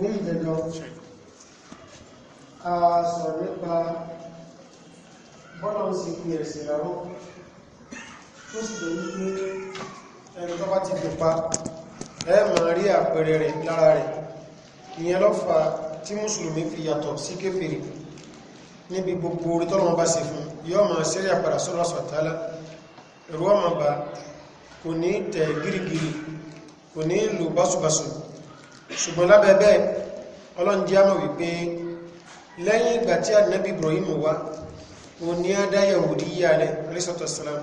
ní ìjẹjọ a sọ̀rọ̀ nípa bọ́lá ń sì fi ẹ̀sìn ìrànwọ́ tó sì lè wípé ẹni tó bá ti pupa ẹ máa rí àpẹẹrẹ rẹ̀ lára rẹ̀ ìyẹn ló fà tí mùsùlùmí fi yàtọ̀ sí kéfèrè níbi gbogbo orí tọ́lọ́mọ bá ṣe fún yóò máa sẹ́rí àpàdà sọ́rọ̀ sọ̀tálá ẹ̀rọ ọmọ bá kò ní tẹ̀ gírígírí kò ní lò básubàsù ṣùgbọ́n lábẹ́ bẹ́ẹ̀ ọlọ́run jẹ́ àmọ̀ wípé lẹ́yìn ìgbà tí ànábì Ibrahim wá o ní á dá Yahudi yíya rẹ̀ alẹ́sọ̀tọ̀ salam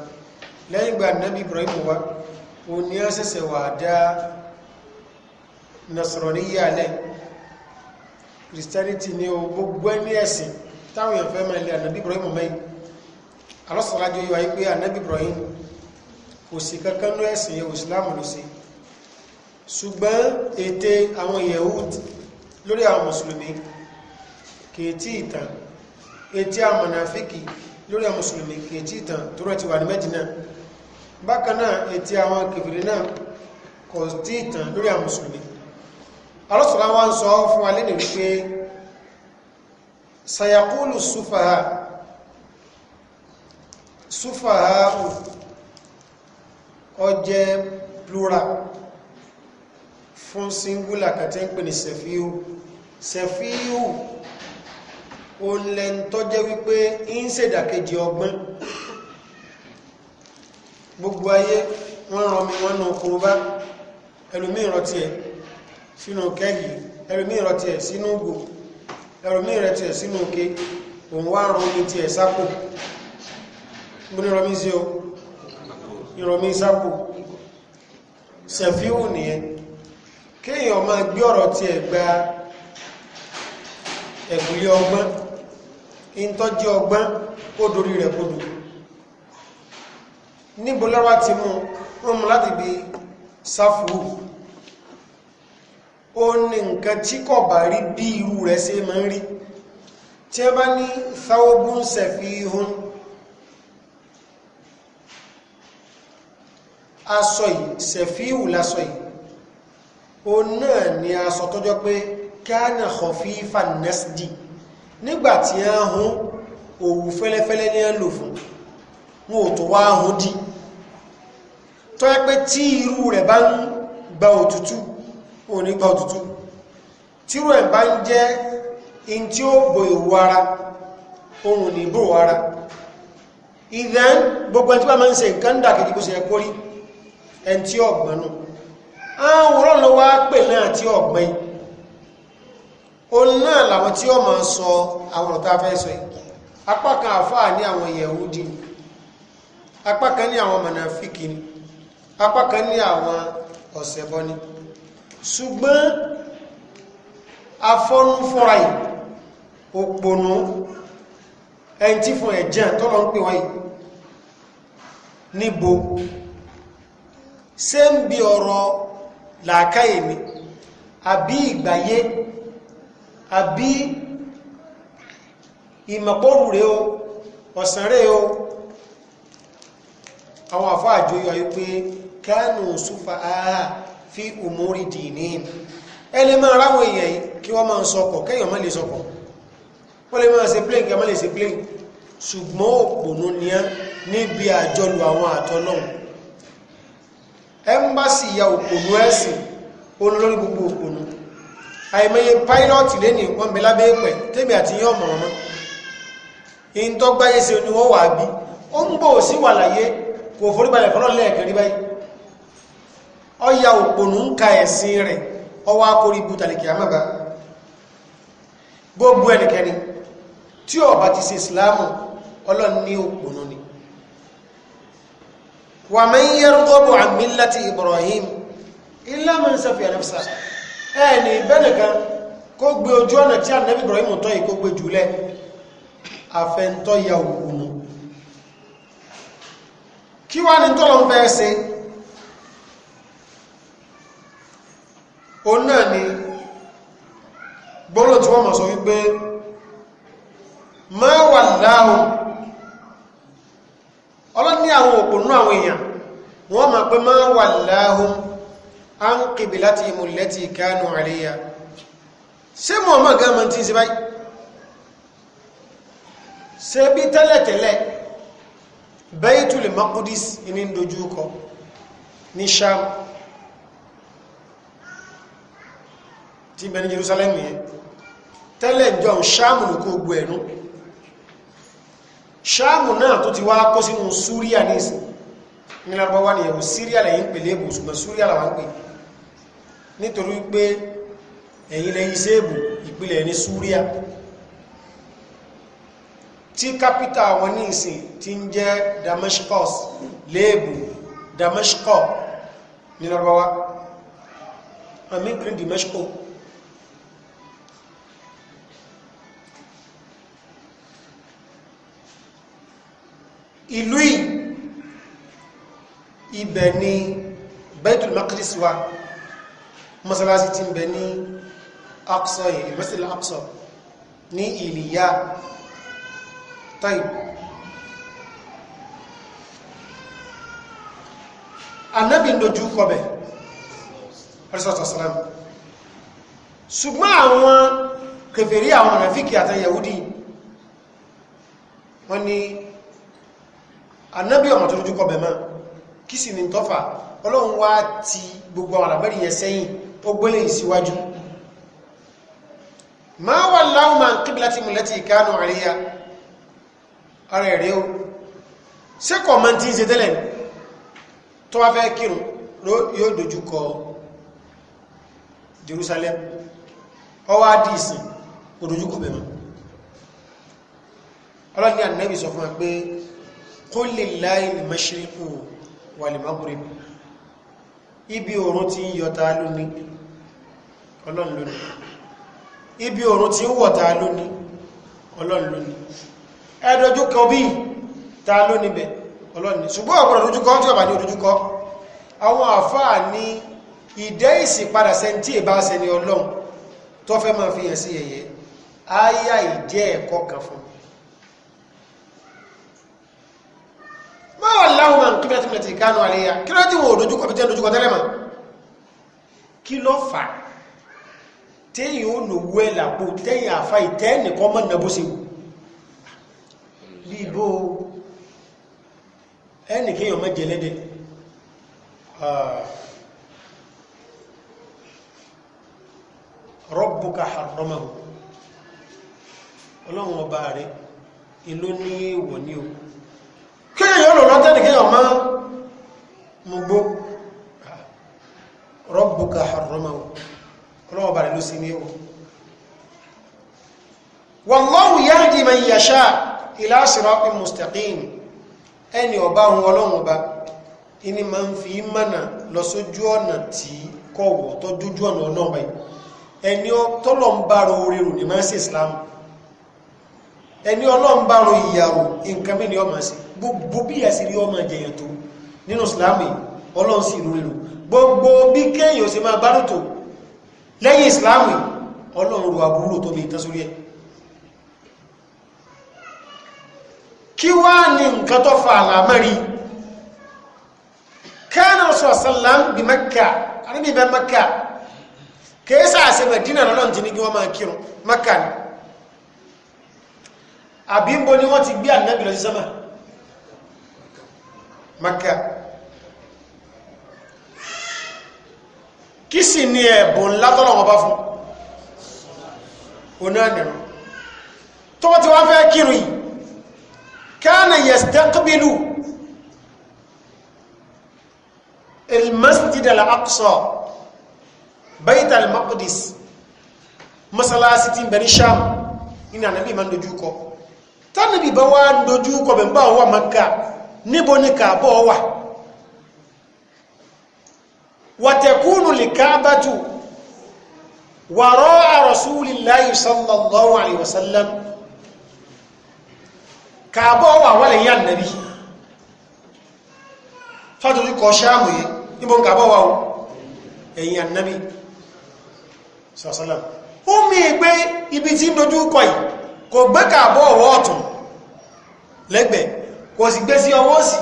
lẹ́yìn ìgbà ànábì Ibrahim wá o ní á ṣẹ̀ṣẹ̀ wà dá Nasarani yíya rẹ̀ Christianity ni o gbogbo ẹni ẹ̀sìn táwọn èèyàn fẹ́ máa lé ànábì Ibrahim mẹ́yìn alọ́sọ̀lájọ́ yíwa wípé ànábì Ibrahim kò sí kankan ní ẹ̀sìn yẹn Islam ló sí ṣùgbọ́n ète àwọn yehud lórí àwọn mùsùlùmí kèétí ìtàn ète àwọn mọ̀nàfíkì lórí àwọn mùsùlùmí kèétí ìtàn tó rẹ̀ ti wà ní Mẹ́dínà bákanáà ète àwọn kèfèrè náà kò tí ìtàn lórí àwọn mùsùlùmí alọ́sọ̀lá wá sọ fún alẹ́ pé sayakulu sufaha sufaha ọjẹ́ plural fún singular kàtẹ́ ń pè ní sefiu sefiu o lẹ ń tọ́jẹ́ wípé ń ṣèdàkejì ọgbọ́n gbogbo ayé wọ́n rán mi wọ́n nà kúrúbá ẹlòmí ìrọ̀tí ẹ̀ sínú kẹ́gì ẹlòmí ìrọ̀tí ẹ̀ sínú ògùn ẹlòmí ìrọ̀tí ẹ̀ sínú òkè òun wá rán omi ti ẹ̀ sápò gbóní rọmí sí ọ ìrọ̀mí sápò sẹ̀fíhù nìyẹn kéèyàn máa gbé ọ̀rọ̀ tí ẹ̀ gba ọgbọ́n dorí rẹ̀ níbo lọ́wọ́ ti mú wọn mú láti bí sáfù ó ní nǹkan tí kò bá rí bí irú rẹ̀ ṣe máa o náà ni aṣọ tó jọ pé kánà kọfífà nẹ́sìdì nígbàtí a hún òwú fẹ́lẹ́fẹ́lẹ́ ní ẹlò fún wọn ò tó wá hún dí tó yẹ pé tí irú rẹ̀ bá ń gba òtútù ò ní gba òtútù tí irú ẹ̀ bá ń jẹ́ in tí ó bò ìwú ara ohun ní bò ara ìdán gbogbo ẹni tí bá máa ń ṣe nǹkan dà kìdí kó ṣe ẹkọ tí ọgbọ̀n àwòrán ló wá pè náà tí ọ̀gbìn òun náà làwọn tí ó máa sọ àwọn ọ̀tá fẹ́ sọ yìí apá kan àfáà ní àwọn yẹ̀húdì apá kan ní àwọn mọ̀nàfíkì ni apá kan ní àwọn ọ̀sẹ̀bọ ni ṣùgbọ́n afọ́núfọ́ra yìí òpònú ẹni tí fún ẹ̀jẹ̀ tọ́lọ ń pè wọ́n níbo ṣé ń bi ọ̀rọ̀ làákàyè mi àbí ìgbàyé àbí ìmọ̀pọ̀rù rẹ̀ o ọ̀sán rẹ̀ o àwọn àfọ́ àjò yọ wípé kánù súfà áhà fi umuri dìní ẹni máa ráwọn èèyàn yìí kí wọ́n máa ń sọkọ̀ kẹ́yàn má lè sọkọ̀ wọ́n lè máa ṣe plane kẹ́yàn má lè ṣe plane ṣùgbọ́n òpònú ni á níbi àjọlù àwọn àtọ́lọ́hùn ẹmbásì ya òpònú ẹ̀sìn olórí gbogbo òpònú àìmọye pilọ́ọ̀tì lẹ́nìí wọ́n bẹ lábẹ́ ìpẹ́ tèmi àti yín ọmọ ọmọ in tó gbáyé sí ni wọ́n wà bí ó ń bò sí wà láyé kò foríbalẹ̀ fọ́nà lẹ́ẹ̀kẹ́rí báyìí ọ ya ومن يرغب عن ملة إبراهيم إلا من سفي نفسه ẹni bẹ́ẹ̀ kan kó gbé ojú ọ̀nà tí ànábì Ibrahim tọ́ yìí kó gbé jùlẹ̀ àfẹ́ntọ́ ya òkúnu kí wá ní tọ́lọ ń fẹ́ ṣe òun náà ni gbọ́nà tí wọ́n mọ̀ sọ wípé ma wallahu ọlọ́ni àwọn òpònú àwọn èèyàn wọ́n ma pé máa wà láhùn á ń kìbì láti ìmùlẹ́tì kánú àríyá ṣé mọ̀ mọ̀ gan mọ̀ tí ṣe báyìí ṣe bí tẹ́lẹ̀tẹ́lẹ̀ Baitul Maqdis ní dojúkọ ní Sham tí bẹ Jerusalem yẹn tẹ́lẹ̀ jọ Sham ló kó gbọ́ ṣáàmù náà tó ti wá kó sínú súríà ní ìsìn ní lárúbáwá ni ẹ̀wọ̀ síríà lẹ́yìn pèlè èbò ṣùgbọ́n súríà làwọn pè nítorí pé ẹ̀yìn lẹ́yìn sẹ́ẹ̀bù ìpìlẹ̀ ní súríà tí kápítà wọn ní ìsìn ti ń jẹ́ damascus léèbù damascus ní ìlú yìí ibẹ̀ ni Baitul Maqdis wà mọ́sálásí ti ń bẹ ní Aqsa yìí mẹ́sílẹ̀ Aqsa ní ìlìyà táìbù anábì ń dojú kọbẹ̀ arísọ́tàsánàmì ṣùgbọ́n àwọn kèfèrí àwọn rafiki àtàyàwó dì wọ́n ni anábí ọmọ tó lójú kọbẹ̀ máa kí sì ní tọ́fà ọlọ́run wá ti gbogbo àwọn àbẹ́rì yẹn sẹ́yìn ó gbélé ìsíwájú ma wà láwọn ma ń kíbi láti mọ̀lẹ́tì ìkánu àríyá ara ẹ̀rẹ́ o ṣé kọ̀ ti ń ṣe tẹ́lẹ̀ tó wá fẹ́ kírun yóò dojú Jerusalem ọwọ́ adìsìn kò dojú kọ bẹ̀rẹ̀ ọlọ́ni ànábì sọ fún wa pé qul lillahi al-mashriqu wal-maghrib ibi òòrùn ti ń yọta lóní ọlọ́run lóní ibi òòrùn ti ń wọ̀ta lóní ọlọ́run lóní ẹ̀dọ̀júkọ bí ta lóní bẹ̀ ọlọ́run ní ṣùgbọ́n ọ̀pọ̀lọ̀ dojúkọ tí ọ̀bà ní dojúkọ àwọn àfáà ní ìdẹ́ ìsìn padà sẹ́ntí ma wallahu man qiblati allati kanu alayha kí ló ti wọ́n dojúkọ bí tẹ́ dojúkọ tẹ́lẹ̀ mọ́ kí ló fà téyìn ó lò wú ẹ̀ làpò téyìn àfà ìtẹ́ nìkan mọ́ nàbó se wù bíbó ẹnìkéyàn mọ́ jẹlẹ́dẹ̀ rabbuka ọlọ́run ọba rẹ̀ ìlú ní èèwọ̀ ní o kí èyàn lò lọ́tẹ́ nìkí ọmọ mọ̀gbó rọ́bùkà haramahu ọlọ́wọ́ bàrẹ̀ ló sí ní ẹwọ wallahu yahdi man yasha ila siratin mustaqim ẹni ọba ohun ọlọ́run ọba ini ma ń fi ọ̀nà tí kọ̀wọ̀ tó dójú ń bá ro orí rò ní máa ń ẹni ọlọ́run bá ro ìyàwó nǹkan mí ni ọmọ sí gbogbo bí ẹ̀sìn rí ọmọ jẹyàn tó nínú ìsìláàmù ọlọ́run sì rúrú gbogbo bí kéèyàn sì máa bárò tó lẹ́yìn ìsìláàmù ọlọ́run ro àbúrò tó bí ìtàn sórí ẹ̀ kí wá ní nǹkan tó fa àlàmẹ́rí kánà sọ̀sánlám bí àbí ń bo ni wọ́n ti gbé ànábì lọ sí sánmà maka kí sì ni ẹ̀bùn ńlá tọ́lọ̀ bá fún oní ànìrún tó ti wá fẹ́ kírun yìí kana yastaqbilu المسجد الأقصى بيت المقدس مسلاسة بني شام إن النبي من دجوكو tánàbì bá wá dojú kọ̀bẹ̀ bá wà maka níbo ni kàbọ̀ wà wàtẹ̀kúnù lè kábàtù wàrọ́ àrọ̀súlìláyì sallallahu alaihi wasallam kàbọ̀ wà wàlẹ̀ yà nàbí fàtòrí kọ ṣáàmù yìí níbo kàbọ̀ wà ẹ̀yìn annabi sallallahu alaihi wasallam ó mi gbé ibi tí ń dojú kọ yìí kò gbé kààbọ̀ ọwọ́ ọ̀tún lẹ́gbẹ̀ kò sì gbé sí ọwọ́ sí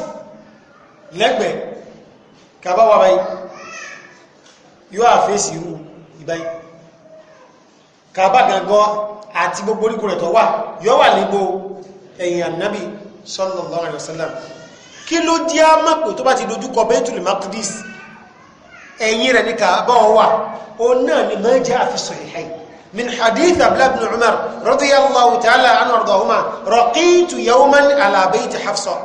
lẹ́gbẹ̀ kààbá wà báyìí yóò àfẹ́sì irú ìbáyìí kààbá gangan àti gbogbo orígun rẹ̀ tó wà yóò wà níbo ẹ̀yìn ànábì sallallahu alaihi wasallam kí ló dí á mọ̀ pé tó bá ti dojú ni mẹ́jẹ́ àfisọ̀ ìhẹ́yìn من حديث أبلا بن عمر رضي الله تعالى عنه وارضاهما رقيت يوما على بيت حفصة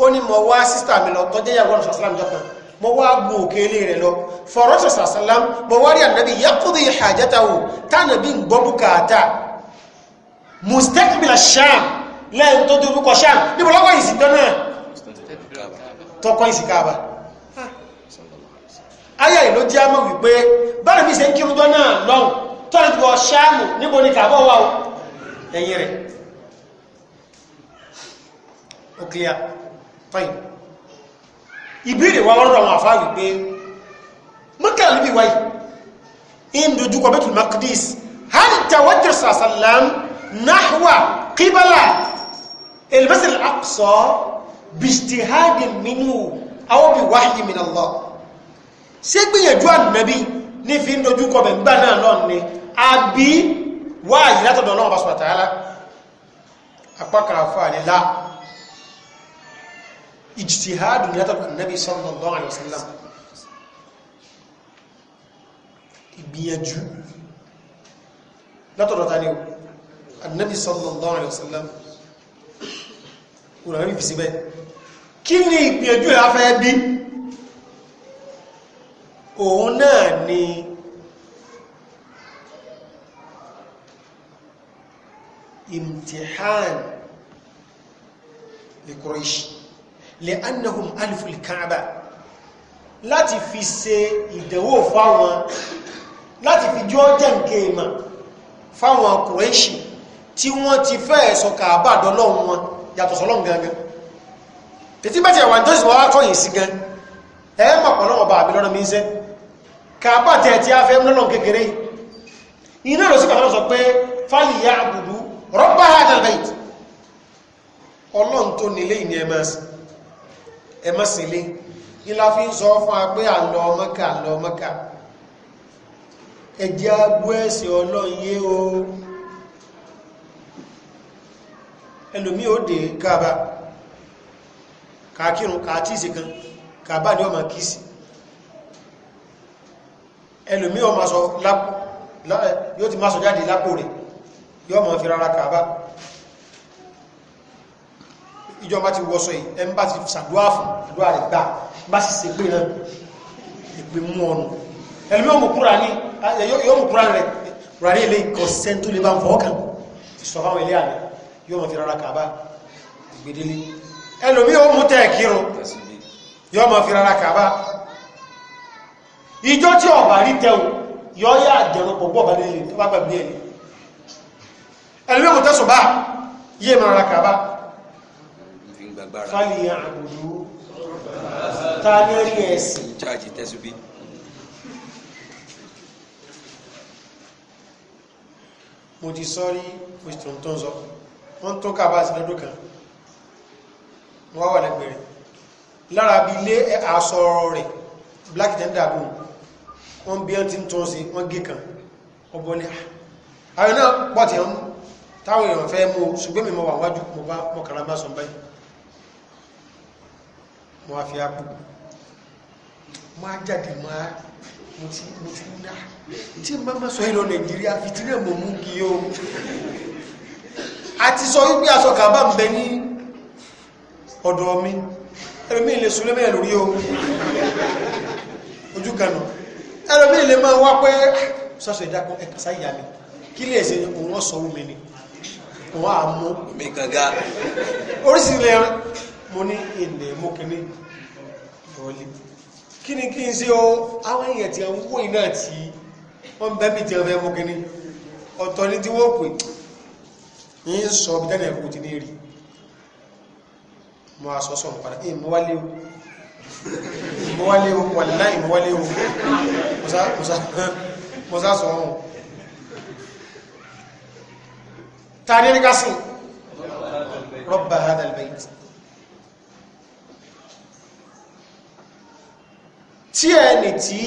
أني موا سيستا ملو تجي يقول صلى الله عليه وسلم موا أبو كيلي رلو فرسول صلى الله عليه وسلم مواري النبي يقضي حاجته تنبي ببكاتا مستقبل الشام لا يمتد بك الشام نبلا وين سيدنا تقوين سكابة ayé ló jẹ́ àmọ́ wípé bára mi ṣe ń kírun jọ náà lọ́hùn tọ́lù ti bọ̀ ṣáàmù níbo ni kàbọ̀ wà ó ẹ̀yìn rẹ̀ ó clear fine ìbéèrè wa wọ́n rọ̀ àwọn àfáà wípé mọ́kànlá níbi wáyé in dojúkọ Baitul Maqdis hal tawajjah sallam nahwa qibala al-Masjid al-Aqsa bijtihadin minhu aw bi wahyin min Allah ṣé gbìyànjú ànàbí ní fi ń dojúkọ bẹ̀ ń gbà náà lọ́nà àbí wáàyí látọ̀dọ̀ náà bá sọ̀tà yálà apákan àfáàní lá ìjìtìhádùn ní látọ̀dọ̀ Ànábì sallallahu alaihi wasallam ìgbìyànjú látọ̀dọ̀ tani Ànábì sallallahu alaihi wasallam òrànlẹ́bí fi síbẹ̀ kí ni ìgbìyànjú ẹ̀ afẹ́ bí imtihan li Quraish li'annahum alifu al-Ka'ba láti fi ṣe ìdẹ̀wò fáwọn láti fi jọ́ jẹ́ nke ìmọ̀ fáwọn Quraish tí wọ́n ti fẹ́ sọ Ka'ba dọ́lọ́run wọn yàtọ̀ sọ́lọ́run gangan tètí bá ti àwọn ìjọsìn wọn látọ̀yìn sí gan ẹ mọ̀ pọ̀lọ́ ọba àbí lọ́nà mi ń sẹ́ Ka'ba tẹ̀ tí a fẹ́ mú lọ́nà kékeré iná lọ sí kàtàkùn sọ pé fáàlì ya àbùdú rọ́bà àdàlbẹ̀t ọlọ́run tó nílé ìní ẹmọ́sílé ilá fi ń sọ fún agbé àlọ ọmọkà àlọ ọmọkà ẹjẹ́ agbó ẹ̀sìn ọlọ́run yé o ẹlòmí ó dé káàbá kàkírùn kàtíìsì kan kàbá ní ọmọ kìísì ẹlòmí ọmọ sọ lápò yóò ti má sọ jáde lápò rẹ̀ yọ́ mọ̀ fi rárá kàábá ìjọba ti wọ́sọ yìí ẹ ń bá ti sàdúà fún àdúà rẹ̀ gbà bá sì ṣe pé náà ìpè mú ọnù ẹ̀lùmí yóò mú kúrà rẹ̀ rárá ilé ìkọ̀sẹ́ tó lè bá ń fọ́ọ̀kàn ìsọ fáwọn ilé àná yóò mọ̀ fi rárá kàábá ìgbèdélé ẹlòmí yóò mú tẹ́ kírun yóò mọ̀ fi rárá kàábá ìjọ tí ọ̀bà rí tẹ́wò yọ́ yá àjẹrùn pọ̀ bọ́ ọ̀bà lè tó bá gbàgbé ẹ̀yìn ẹ̀lẹ́mẹ́ kò tẹ́sùn bá yé mara kàbá fàlì àbùdú tánẹ́rì ẹ̀sìn jáàjì tẹ́sùn mo ti sọ́rí western tó ń sọ wọ́n tó kàbá sí lọ́dún kan wọ́n wà lẹ́gbẹ̀rẹ̀ lára bí ilé àṣọ rẹ̀ black tender boom wọ́n bí ẹ́ ti ń tọ́ sí wọ́n gé kan ọgbọ́n ní ah. àwọn náà pọ̀ tí wọ́n táwọn èèyàn fẹ́ mú ṣùgbọ́n mọ́ wà wájú mo bá mọ́kànlá bá sọ báyìí mo á fi apò mo á jáde mo á mo ti mo ti ń dá tí n bá má sọ ìlọ nàìjíríà fìtínà mo mú kí o a ti sọ wípé aṣọ kàbá ń bẹ ní ọ̀dọ̀ mi ẹlòmí ilé súnlẹ̀ mẹ́rin lórí o ojú kanà ẹlòmí ilé máa wá pé ah, sọ́sọ̀ ìdákùn ẹ̀kàsáyà mi kí lè ṣe òun ọ̀sọ̀ omi ni wọ́n á mú mi gànga oríṣiríṣi ẹran mo ní ilẹ̀ mú kíní ìrọ̀lẹ́ kí ni kí n ṣe o àwọn èèyàn ti ń wó iná tí wọ́n ń bẹ́ẹ̀ bí ti kíní ọ̀tọ̀ ni tí wọ́n pè ní sọ bí dáná ẹ̀kọ́ ti ní rí mo aṣọ sọ̀rọ̀ padà ẹ̀ mo wálé o mo wálé o wàlẹ́ láì mo wálé o mo sá sọ̀rọ̀ tani ní kásì rọ́bà hadal bayt tí ẹni tí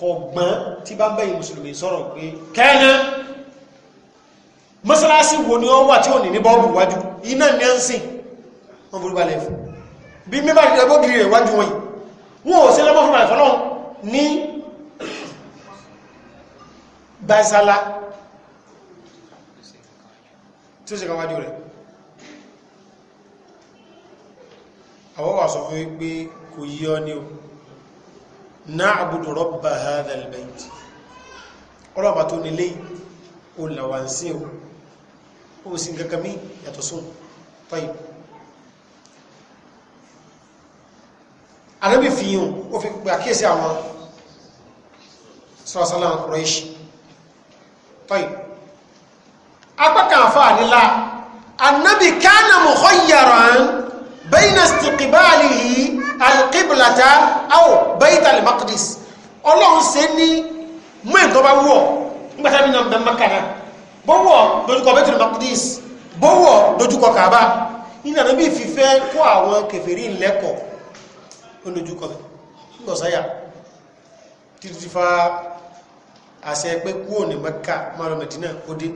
kọ̀gbọ́n tí bá ń bẹ̀yìn mùsùlùmí sọ̀rọ̀ pé kẹ́ẹ̀nà mọ́sálásí wo ni wọ́n wà tí ò ní ní bọ́ọ̀lù wájú iná ní ẹ́ ń sìn wọ́n burú balẹ̀ fún bí mímọ̀ ìrẹ́gbógiri rẹ̀ wájú wọ́n yìí wọ́n ò sí lọ́mọ́ fún àìfọ́lọ́ ní baisala tí ó ṣe kàwájú rẹ̀ àwọn wà sọ fún wípé kò yí ọ ní o na'budu rabba hadha al-bayt ọlọ́pàá tó nílé o o ó sì ń yàtọ̀ sún tọ́yì anábì fi ó fi pè àkíyèsí àwọn sọ́ọ̀sọ́lá Quraish tọ́yì apákan àfáànílá annabi kánà mukhayyaran bayna istiqbalihi alqiblata aw bayt almaqdis ọlọ́run ṣe ní mú ẹ̀tọ́ bá wọ̀ nígbàtà mi nà bẹ́ẹ̀ makana bọ́wọ̀ dojúkọ bayt almaqdis bọ́wọ̀ dojúkọ kaaba nínú ànábì fífẹ́ kó àwọn kèfèrí ńlẹ́kọ̀ọ́ ó dojúkọ bẹ́ẹ̀ ńgbọ̀ sáyà títí fa àṣẹ pé kúrò ní mẹ́kà márùn-ún mẹ́dínà ó dé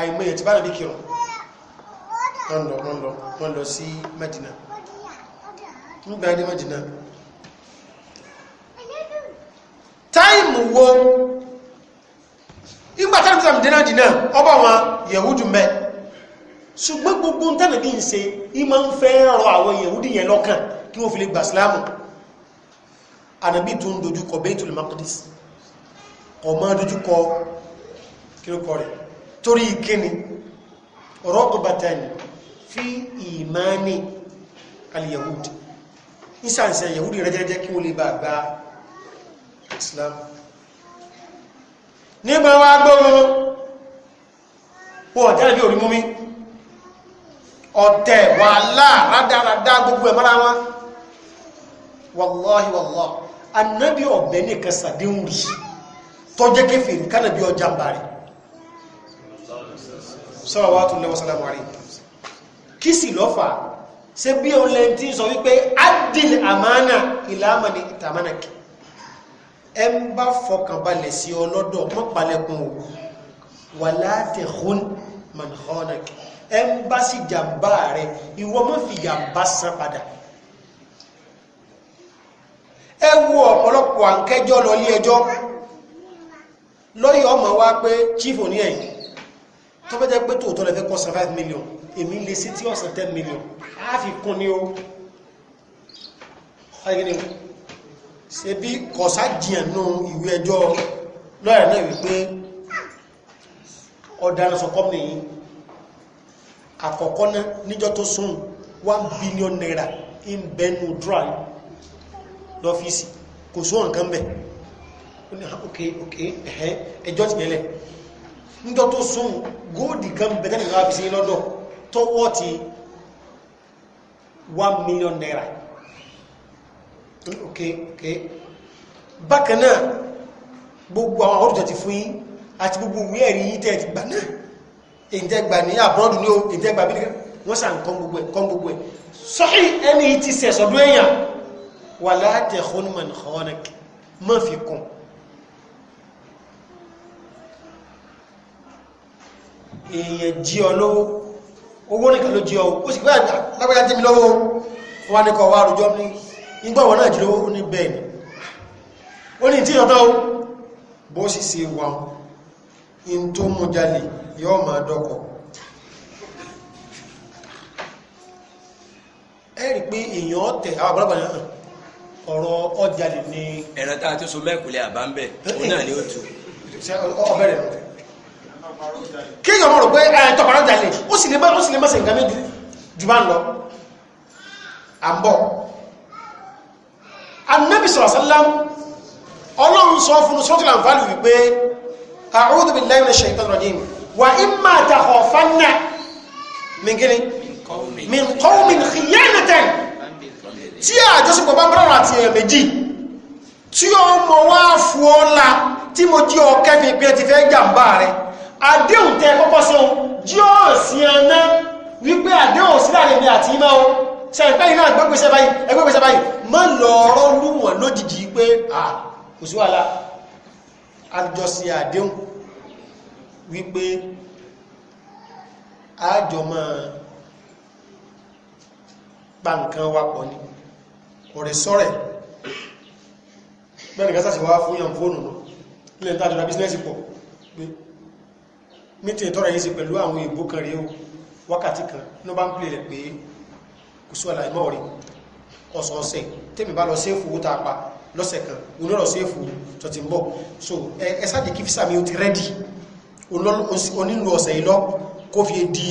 àìmọye tí bá nàbí kírun wọ́n lọ wọ́n lọ wọ́n lọ sí Mẹ́dínà nígbà dé Mẹ́dínà táìmù wo ìgbà táìmù tí a dínà dínà ọba wọn yẹ̀húdù mẹ́ ṣùgbọ́n gbogbo tánàbí ń ṣe ìmọ̀ ń fẹ́ rọ àwọn yẹ̀húdù yẹn lọ́kàn kí wọ́n fi lè gbà sílámù ànàbí tó ń dojúkọ Baitul Maqdis ọmọ dojúkọ kí ló kọ rẹ̀ torí kíni rọ́gbàtàn fi ìmáni al-yahudi ìsànsẹ̀ yahudi rẹjẹrẹjẹ kí wọ́n lè bá gba islam nígbà wá gbọ́rún wọ́n jẹ́ ìbí orí múmi ọ̀tẹ̀ wàhálà rádáradá gbogbo ẹ̀mọ́ra wọn wàláhí wàláhí annabi ọ̀bẹ̀ nìkan sàdéhùn tọ́jẹ́ kéfèé kánàbí ọjà bàrí salawatullahi wa salamu alayhi kí sì lọ́fà ṣe bí o lè tí sọ wípé adil amana ìlàmàní ìtàmánàkì ẹ ń bá fọkànbalẹ̀ sí ọlọ́dọ̀ mọ́pàlẹ̀kùn o wala takhun man khanaki ẹ ń bá sí jàmbá rẹ ìwọ mọ́ fi jàmbá san padà ẹ ọ̀pọ̀lọpọ̀ àǹkẹ́jọ́ lọ ilé ẹjọ́ lọ́yọ̀ ọmọ wa pé chief oníẹ̀yìn tó bẹ́ jẹ́ pé tòótọ́ lẹ fẹ́ kọ́ san five million èmi lè sí tí ọ̀sán ten million á fi kún ní o ayé ni ṣe bí kọ̀sá jìyàn nù ìwé ẹjọ́ lọ́ọ̀rẹ́ náà wípé ọ̀daràn sọ kọ́mù nìyí àkọ́kọ́ náà níjọ́ tó sún one billion naira in benu dry lọ́fíìsì kò sóhàn kan bẹ̀ ó ní ah, ok ok ẹjọ́ tìyẹ́lẹ̀ njọ tó sún góòdì kan bẹ̀tẹ̀ nìkan fi sí lọ́dọ̀ tó wọ́ ti one million naira ok ok bákan náà gbogbo àwọn àwọn òtútù ti fún yín àti gbogbo ìwé ẹ̀rí yín tẹ́ ti gbà náà èyí tẹ́ gbà ní àbúrọ́dù ní o èyí tẹ́ gbà bí nìkan wọ́n sàn kọ́ gbogbo ẹ̀ kọ́ gbogbo ẹ̀ sọ́hí ẹni ti sẹ̀ èèyàn wà látẹ̀ hónúmọ̀ nìkan má fi kún èèyàn jí ọ lówó owó nìkan ló jí ọ ó sì mi ní kọ̀ wá àrùjọ ní ìgbàwọ̀ náà jí ó ní bẹ́ẹ̀ ni ó ní tí bó sì wà in tó mú jalè yóò máa dọ́kọ̀ ẹ̀rì pé èèyàn àwọn ní a ti so kéèyàn mọ̀ rò pé ẹ̀ eh, tọparọ́ jalè ó sì lè má ó sì lè má ṣe nǹkan méjì jù bá ń lọ à ń bọ̀ anabi sallallahu alaihi wasallam ọlọ́run sọ fún sọ́tìlà ń fàlù wípé a'udhu billahi minash shaitanir rajim wa imma takhafanna min kini min qawmin khiyanatan tí àjọṣepọ̀ bá bọ́lá àti èèyàn méjì tí ó mọ̀ wá fún ọ́ la tí mo jí ọ kẹfì pé ti fẹ́ jàǹbá rẹ̀ àdéhùn tẹ kọ́kọ́ sí ohun jí ó sí ẹ̀nà wípé àdéhùn sí láàrin mi àti ìmọ̀ ohun sẹ́ǹpẹ́ iná gbẹ́gbẹ́sẹ́ báyìí ẹgbẹ́gbẹ́sẹ́ báyìí mọ́ lọ́ọ̀rọ̀ lúwọ̀n lójijì pé à kò sí wàhálà àjọsí àdéhùn wípé àjọ máa pa nǹkan wa pọ̀ ni ọ̀rẹ́ sọ́rẹ̀ bẹ́ẹ̀ nìkan sàṣẹ̀wá fún yàn fóònù náà ilẹ̀ ń tàjọ́ra bísínẹ́sì pọ̀ pé mítí ìtọ́rọ yìí sí pẹ̀lú àwọn ìbò kan rí o wákàtí kan ní bá ń pè rẹ̀ pé kò sí ọ̀làìmọ́ rí ọ̀sọ̀ọ̀sẹ̀ tèmi bá lọ séèfù ó tàpá lọ́sẹ̀ kan onírọ̀ séèfù tó ti ń bọ̀ so ẹ sáàdì kí físà mi ó ti rẹ́dì onílù ọ̀sẹ̀ yìí lọ kó fi di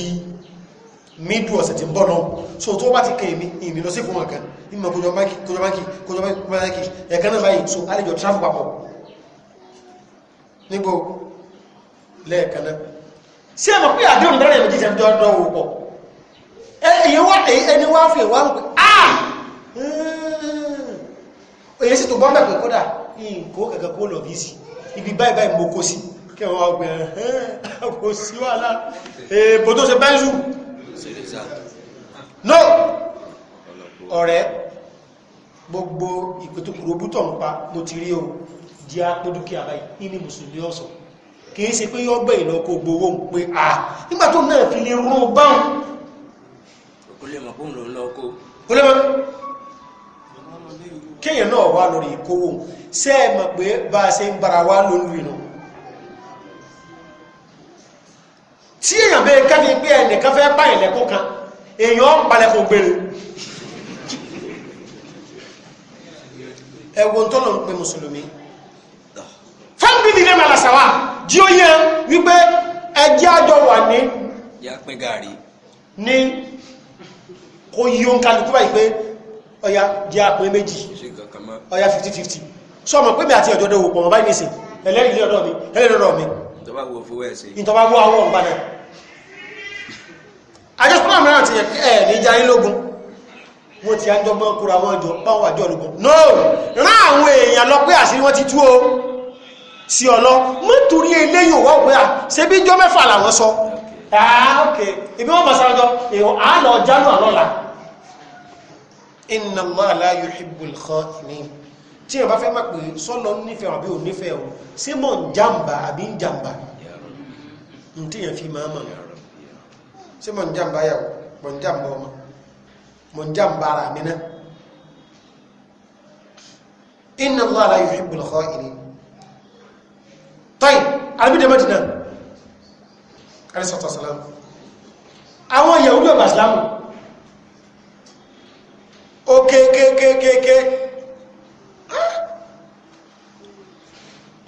mídù ọ̀sẹ̀ tí ń bọ̀ náà so tó bá ti kẹ èmi èmi lọ séèfù wọn kan ìmọ̀ kójọ báńkì kójọ báńkì kójọ báńkì ẹ̀kan náà báyìí so a lè jọ tráfù papọ̀ nígbò sí ẹ̀mọ̀ pé àdéhùn dára ẹ̀mọ̀ jíjẹ jọ dọ̀ wò pọ̀ èyí wá ẹni wá fi ìwà ń pè á èyí sì tó bọ́ mẹ́pẹ̀ kódà nǹkó kẹ̀kẹ́ kó lọ fíìsì ibi báyìí báyìí mo kó sí kẹwàá ọgbẹ̀ kò sí wàhálà èèbò tó ṣe bẹ́ńsù no ọ̀rẹ́ gbogbo ìpètòkùrò bútọ̀ ń pa mo ti rí o di apó dúkìá báyìí ní mùsùlùmí ọ̀sán kìí se pé yọ́ gbẹ̀ ìlọ kò gbowó ń pe à nígbà tó náà fi lè rún báhùn kò lè mọ̀ kó ń lò ń lọ kó kò lè mọ̀ kéèyàn náà wá lórí ìkówó ṣe mọ̀ pé bá a ṣe ń bara wá lórí ìnà tí èèyàn bẹ́ẹ̀ káfí pé ẹnìkan fẹ́ báyìí lẹ́kọ́ kan èèyàn ń palẹ̀ kò gbèrè ẹ̀wọ̀n tó ń pe mùsùlùmí ah. fẹ́ẹ́ bí nílé màlàsà wa jí ó yẹ wípé ẹjẹ́ àjọ wà ní yàpín gàrí ní kò yí oun kálukú báyìí pé ọya jẹ́ àpín méjì ọya 50-50 so ọmọ pé mi àti ọjọ́ dẹ̀wò pọ̀mọ̀ báyìí nìsìn ẹlẹ́rìí ọ̀dọ̀ mi ẹlẹ́rìí ọ̀dọ̀ mi ìtọ́bá wọ́ àwọn ọ̀gbà náà àjọsọ́nà mìíràn ti yẹn ẹ̀ ní jẹ́ ayélógún wọ́n ti àjọgbọ́n kúra wọn jọ báwọn àjọ olùgbọ́n no rán àwọn èèyàn lọ pé àṣírí wọ́n ti tú o sí ọlọ mọ́ torí eléyìí wọ́n pé à ṣe bí jọ mẹ́fà làwọn sọ ààkè ibi wọ́n bàṣá ọjọ́ èèyàn àlọ́ jálù àlọ́la inna Allah la yuhibbul kha'inin tí ẹ bá fẹ́ mọ̀ pé sọ́lọ nífẹ̀ẹ́ àbí ò nífẹ̀ẹ́ o ṣé mọ̀ ń jàǹbá àbí ń jàǹbá ní tí yẹn fi máa mọ̀ ṣé mọ̀ ń yàwó mọ̀ ń ọmọ mọ̀ ń ara mi náà inna Allah la yuhibbul kha'inin fine alibide madina alisata salam àwọn yahudi ọba islamu ah! ó kéèkéèkéèkéè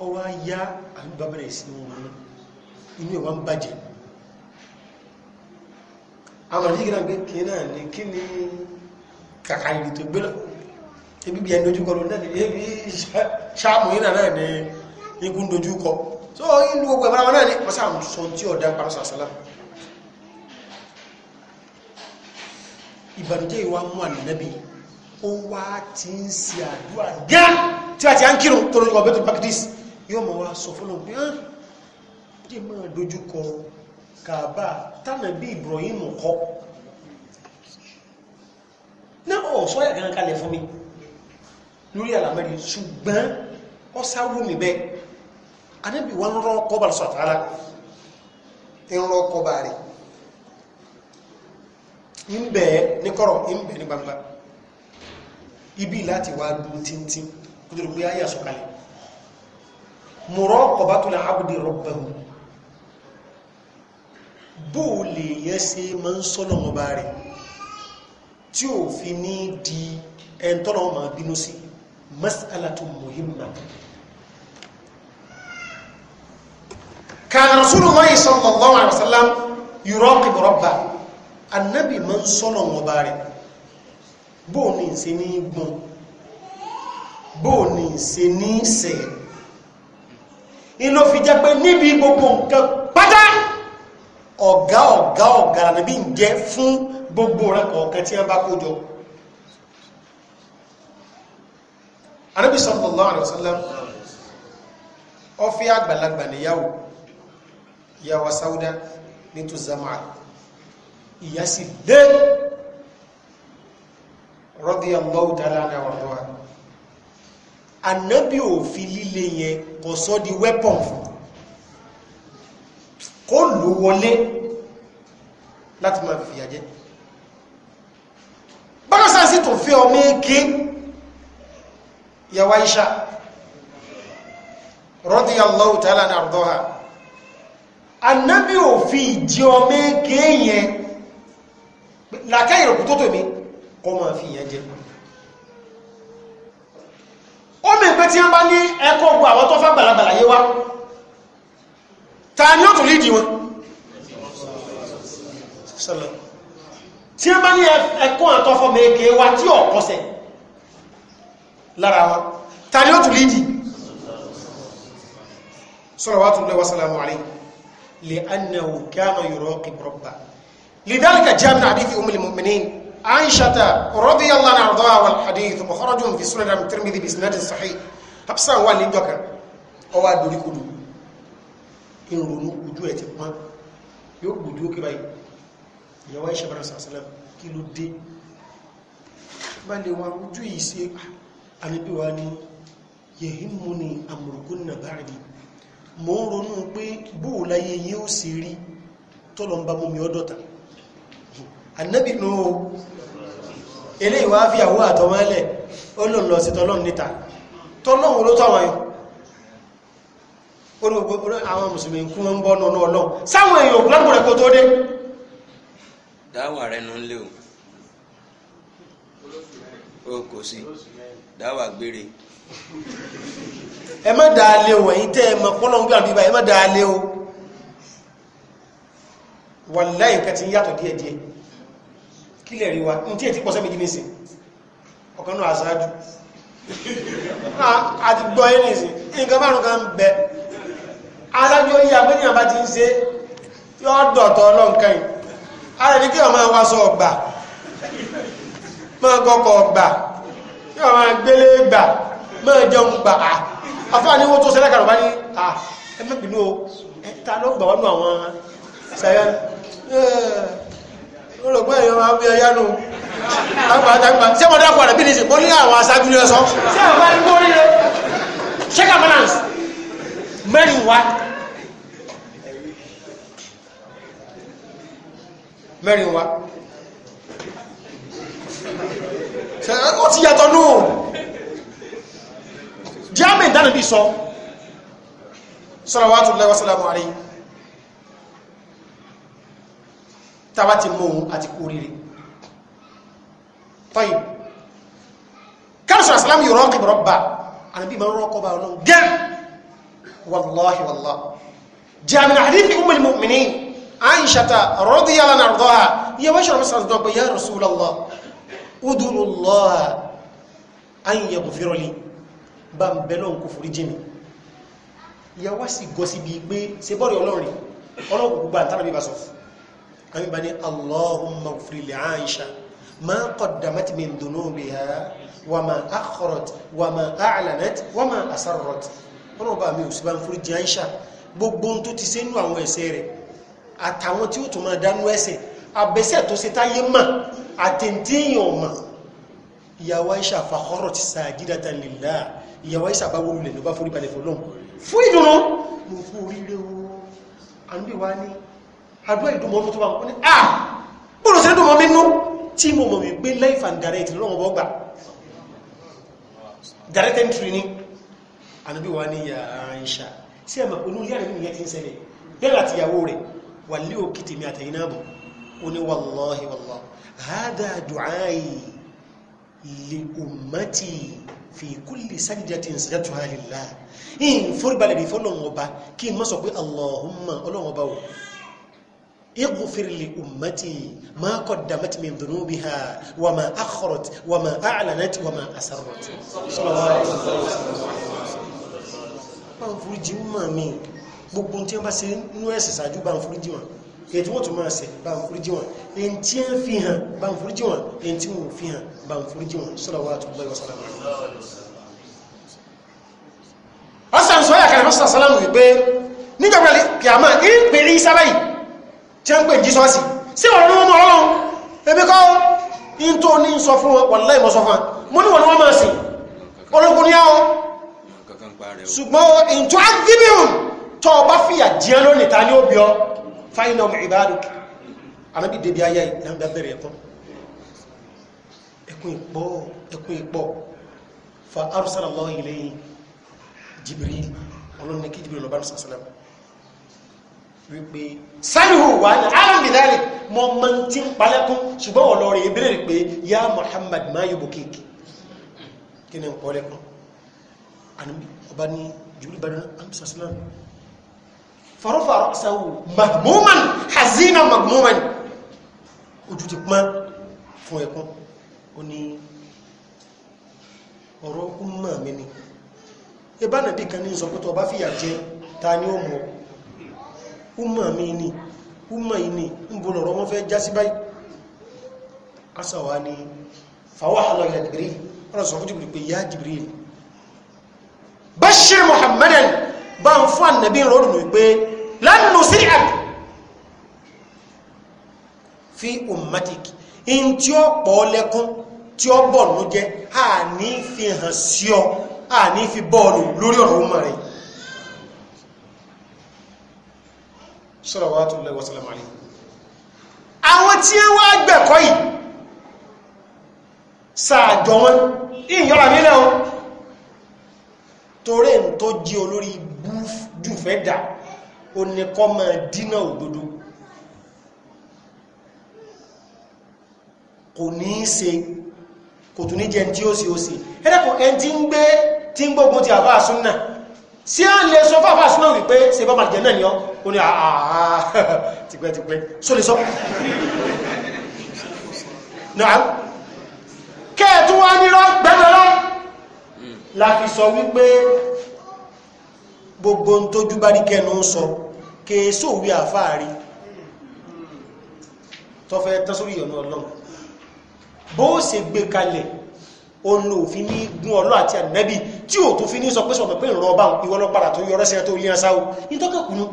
ọwọ́ ya alúbàbẹ̀rẹ̀ ìsinmi wọn inú ẹ̀wà ń bàjẹ́ àwọn àdígbìnà gbé kí náà ní kí ni kàkà ìrìtò gbé lọ ebi bí ẹni ojú kọlu náà ní ṣáàmù yìí náà ní igun dojú kọ so ìlú gbogbo ẹ̀mọ́ra wọn náà ní pàṣà ń sọ tí ọ̀dá pa sàṣàlá ìbànújẹ́ ìwà mú ànàbí ó wá ti ń ṣe àdúrà gán tí a ti á ń kírun tó lójú ọbẹ̀ tó yóò mọ̀ wá sọ fún ọ̀pẹ́ Ibrahim kọ́ náà ọ̀sọ́ yà kankan kalẹ̀ fún mi lórí àlàmẹ́rin ṣùgbọ́n ọ sáwọ́ mi bẹ́ẹ̀ anábì wọn rọ kọba sọ̀tàlá ń rọ kọba rẹ̀ ń bẹ̀ ní kọ̀rọ̀ ń bẹ̀ ní gbangba ibi láti wá dúró tíntín kúdùrú pé ayé àsọ̀kalẹ̀ mọ̀rọ̀ kọba tó lè abdi rabbahu bóòlè yẹn ṣe máa ń sọ́nà ọba rẹ̀ tí ò fi ní di ẹntọ́nà ọmọ bínú sí mas'alatu muhimma كان رسول الله صلى الله عليه وسلم يراقب ربه النبي من صلى وبارك بوني سني بون bóòní ṣe ní ìsẹ̀ inú fi jẹ́ pé níbi gbogbo nǹkan pátá ọ̀gá ọ̀gá ọ̀gá nàbí ń jẹ́ fún gbogbo rẹ̀ kọ̀ọ̀kan tí wọ́n bá kó jọ anábì sallallahu alaihi wasallam ó fi àgbàlagbà níyàwó ìyàwó sáúdá ní tó zama ìyá sì lé radiyallahu ta'ala anha wàlúwà ànábì ò fi líle yẹn kò sọ di weapon fún kó lò wọlé láti máa fìyà jẹ bákásá sí tó fẹ́ ọmọ ege ìyàwó Aisha radiyallahu ta'ala anha wàlúwà anábì òfin ìdí ọmọ èké yẹn làkẹ́yìn òkú tó tò mí kọ́ máa fi yẹn jẹ ó mẹ́ pé tí wọ́n bá ní ẹkọ́ gbọ́ àwọn tó fẹ́ gbàlagbàlà yé wá ta ni ó tún lídìí wọn tí wọ́n bá ní ẹkọ́ àtọ́fọ́ mẹ́ kéé wá tí ọ̀kọ́sẹ̀ lára wọn ta ni ó tún lídìí sọ́rọ̀ wá tún lẹ́wọ́ sálámù aláìkú لأنه كان يراقب ربه لذلك جاء من حديث أم المؤمنين عائشة رضي الله عنها وارضاها والحديث مخرج في سنن الترمذي بإسناد صحيح حبسا هو اللي دوكا هو دوري كدو إن رونو وجوه تقوى yóò gbòdú ó kíbáyì ìyàwó ìṣẹ́bẹ̀rẹ̀ sàásẹ́lẹ̀ kí ló dé bá lè wá ojú yìí sí àníbíwá ní yẹ̀hìmú ni àmùrùkún mo ń ronú pé bóò láyé yíó sì rí tó lọ ń bá mú mi ọdọ́ta annabi nù o ilé ìwà fi àwọ́ àtọmọ́lẹ̀ ó lò lọ sí tọ́lọ́n níta tọ́lọ́n ló tọ́wọ́ yìí ó ní gbogbo àwọn mùsùlùmí kú ń bọ́ nínú ọlọ́run sáwọn èèyàn òkúlágbò rẹ̀ kó tó dé dáwà rẹ̀ nù ń lé o kò sí dáwà gbére ẹ má dáa lé o ẹ̀yin tẹ́ ẹ mọ̀ ń o wàláhì nǹkan ti ń yàtọ̀ díẹ̀díẹ̀ kí lè rí wa ní tí ẹ̀ ti pọ̀ jí ọ̀kan náà àṣáájú a ti gbọ́ yín nísìn nǹkan márùn kan bẹ alájọ yí agbẹ́yìn àbá ti ń ṣe yọ́ dọ̀tọ̀ ọlọ́nkan ara kí ọgbà máa ọgbà kí gbélé gbà máa jẹun gbà á afáàní owó tó sẹ́lẹ̀ kàrọ̀ bá ní à ẹ má bínú o ẹ ta ló gbà wọnú àwọn sẹ́yà olùgbọ́ èèyàn máa bí ẹyá nù tàgbàtàgbà ṣé mo dákọ̀ rẹ̀ bí ní ní àwọn aṣáájú ní ọ̀sán ṣé àwọn bá ní kó rí rẹ̀ check balance mẹ́rin wá mẹ́rin wá ṣe ó ti yàtọ̀ nù jáàmì ìdánàbí sọ salawatullahi wa salamu alayhi tàbá ti mọ́ ohun àti kú oríire tọ́yì káàsùn àsìlámù yóò rọ́ọ̀kì rọ́bà àníbí ma rọ́ọ̀kọ́ bá ọlọ́run gẹ́ wàláhì wàlá jàmìnà àdífì ummul mu'minin aishata radiyallahu anha iye wọ́n ṣọ̀rọ̀ mẹ́sàn dọ́gbẹ̀ ya rasulallah udulullah an yaghfirli bá ń bẹ lọ́hùn kó forí jì mí ìyàwó sì gọ́ síbi pé ṣe bọ́ọ̀rì ọlọ́rin ọlọ́run gbogbo àtàrà bí bá sọ fún àwọn ìbá ní allahumma ghfir li aisha ma qaddamat gbogbo tó ti ṣe nú àwọn ẹ̀ṣẹ̀ rẹ̀ àtàwọn tí ó tún máa dánú ẹ̀ṣẹ̀ abẹ́sẹ̀ tó ṣe táyé mà àtẹ̀ntẹ̀yàn mà ìyàwó aisha fa kharrat sajidatan lillah ìyàwó ìsà bá wọ́n lè lọ bá forí balẹ̀ fọ́ lọ́n fún ìdùnnú mo fún oríire o àdúgbò wa ní àdúgbò ìdùnmọ́ ní à ah! tí life and direct lọ́wọ́ bọ́ direct entry ni àdúgbò wa ní ìyà Aisha sí ti ń ṣẹlẹ̀ bẹ́ẹ̀ àti ìyàwó rẹ̀ wà lé òkìtì mi àtẹ̀yìn náà bọ̀ ó ní wallahi wallahi hada du'ai liumati fi kulli sajdatin sajadatuha lillah in foríbalẹ̀ bí fọ́lọ́wọ́n ọba kí n má sọ pé allahumma ọlọ́wọ́n o اغفر لأمتي ما قدمت من ذنوبها وما أخرت وما أعلنت وما أسرت صلى الله عليه وسلم gbogbo tí wọ́n bá ètò wọ́n tó máa ṣe bá ń foríjì wọn èyí tí ń fi hàn bá ń foríjì wọn èyí tí wọ́n fi hàn bá wọn salawatu Allahi wa a ń pè jísọ́sì sí ọ̀rọ̀ ní wọ́n mọ̀ ọlọ́run ebi kọ́ in tó ní sọ fún wọn wà láì mọ́ sọ fún wọn mo ní wọ́n ni wọ́n máa sìn ológun ní ọ́ ṣùgbọ́n in tó á díbìrún tó bá fìyà jẹ́ lónìí ta ní ó bí ọ fáyínà ọmọ ìbádùk anábì débi ayá ìlànà bẹ̀rẹ̀ ẹ̀kọ́ ẹkùn ìpọ̀ ẹkùn ìpọ̀ fa arsala Allah ilayhi Jibril ọlọ́run ní kí Jibril lọ bá rùsà sálẹ̀ wípé sáyìnhù wà ní alámbìdálẹ̀ mọ́ mọ́ tí ń palẹ́kún ṣùgbọ́n ọlọ́rin ìbílẹ̀ pé yá Muhammad máa yóò bò kéèkì kí ni ń pọ́lẹ́kún ọba ní Jibril bá rùsà farofa rọ́sáwò mahmuman حزينا mahmuman ojú ti pọ́n fún ẹkún ó ní ọ̀rọ̀ ọmọ mi ni ẹbá nàbí kan ní sọ pẹ́tọ̀ ọba fìyà jẹ ta ní ọmọ ọmọ mi ni ọmọ yìí ni ń bọ̀ fẹ́ já sí báyìí asawa ni fawahala ila Jibril ọ̀rọ̀ sọ fún Jibril pé ya Jibril bá ń fún ànàbí ìrọ̀rùn wípé lánàá sí àbí fi ummatik in tí ó pọ̀ lẹ́kún tí ó bọ̀ ló jẹ́ a ní fi hàn sí ọ a ní fi bọ́ọ̀lù lórí ọ̀rọ̀ ọmọ rẹ̀ salawatullahi alayhi àwọn tí ó wá gbẹ̀kọ́ yìí sàájọ wọn ìyọ́ra mílẹ̀ wọn torí ń tó jí olórí jù fẹ́ dà ó ní kọ́ máa dínà òdodo kò ní í ṣe kò tún ní jẹ tí ó sì ó sì ẹ́dẹ́kùn ẹn tí ń gbé tí ń gbógun ti àbá àsúnnà sí à lè sọ fáfá àsúnnà wípé ṣe bá màjẹ náà ni ọ ó ní àà tìpẹ́tìpẹ́ la fi sọ wípé gbogbo ń tójú bá rí kẹnu ń sọ kèésò wí àfáàrí tọ́fẹ́ tọ́sórí ọ̀nà ọlọ́run bó ṣe gbé kalẹ̀ òun òfin ní gún ọlọ́ àti ànẹ́bì tí ò tó fi ní sọ pé sọ̀tọ̀ ìrọ̀ ọba ìwọ́lọ́gbàrà tó yọrẹ́sẹ̀ tó ilé ẹsáwó ní tọ́kẹ̀kùnú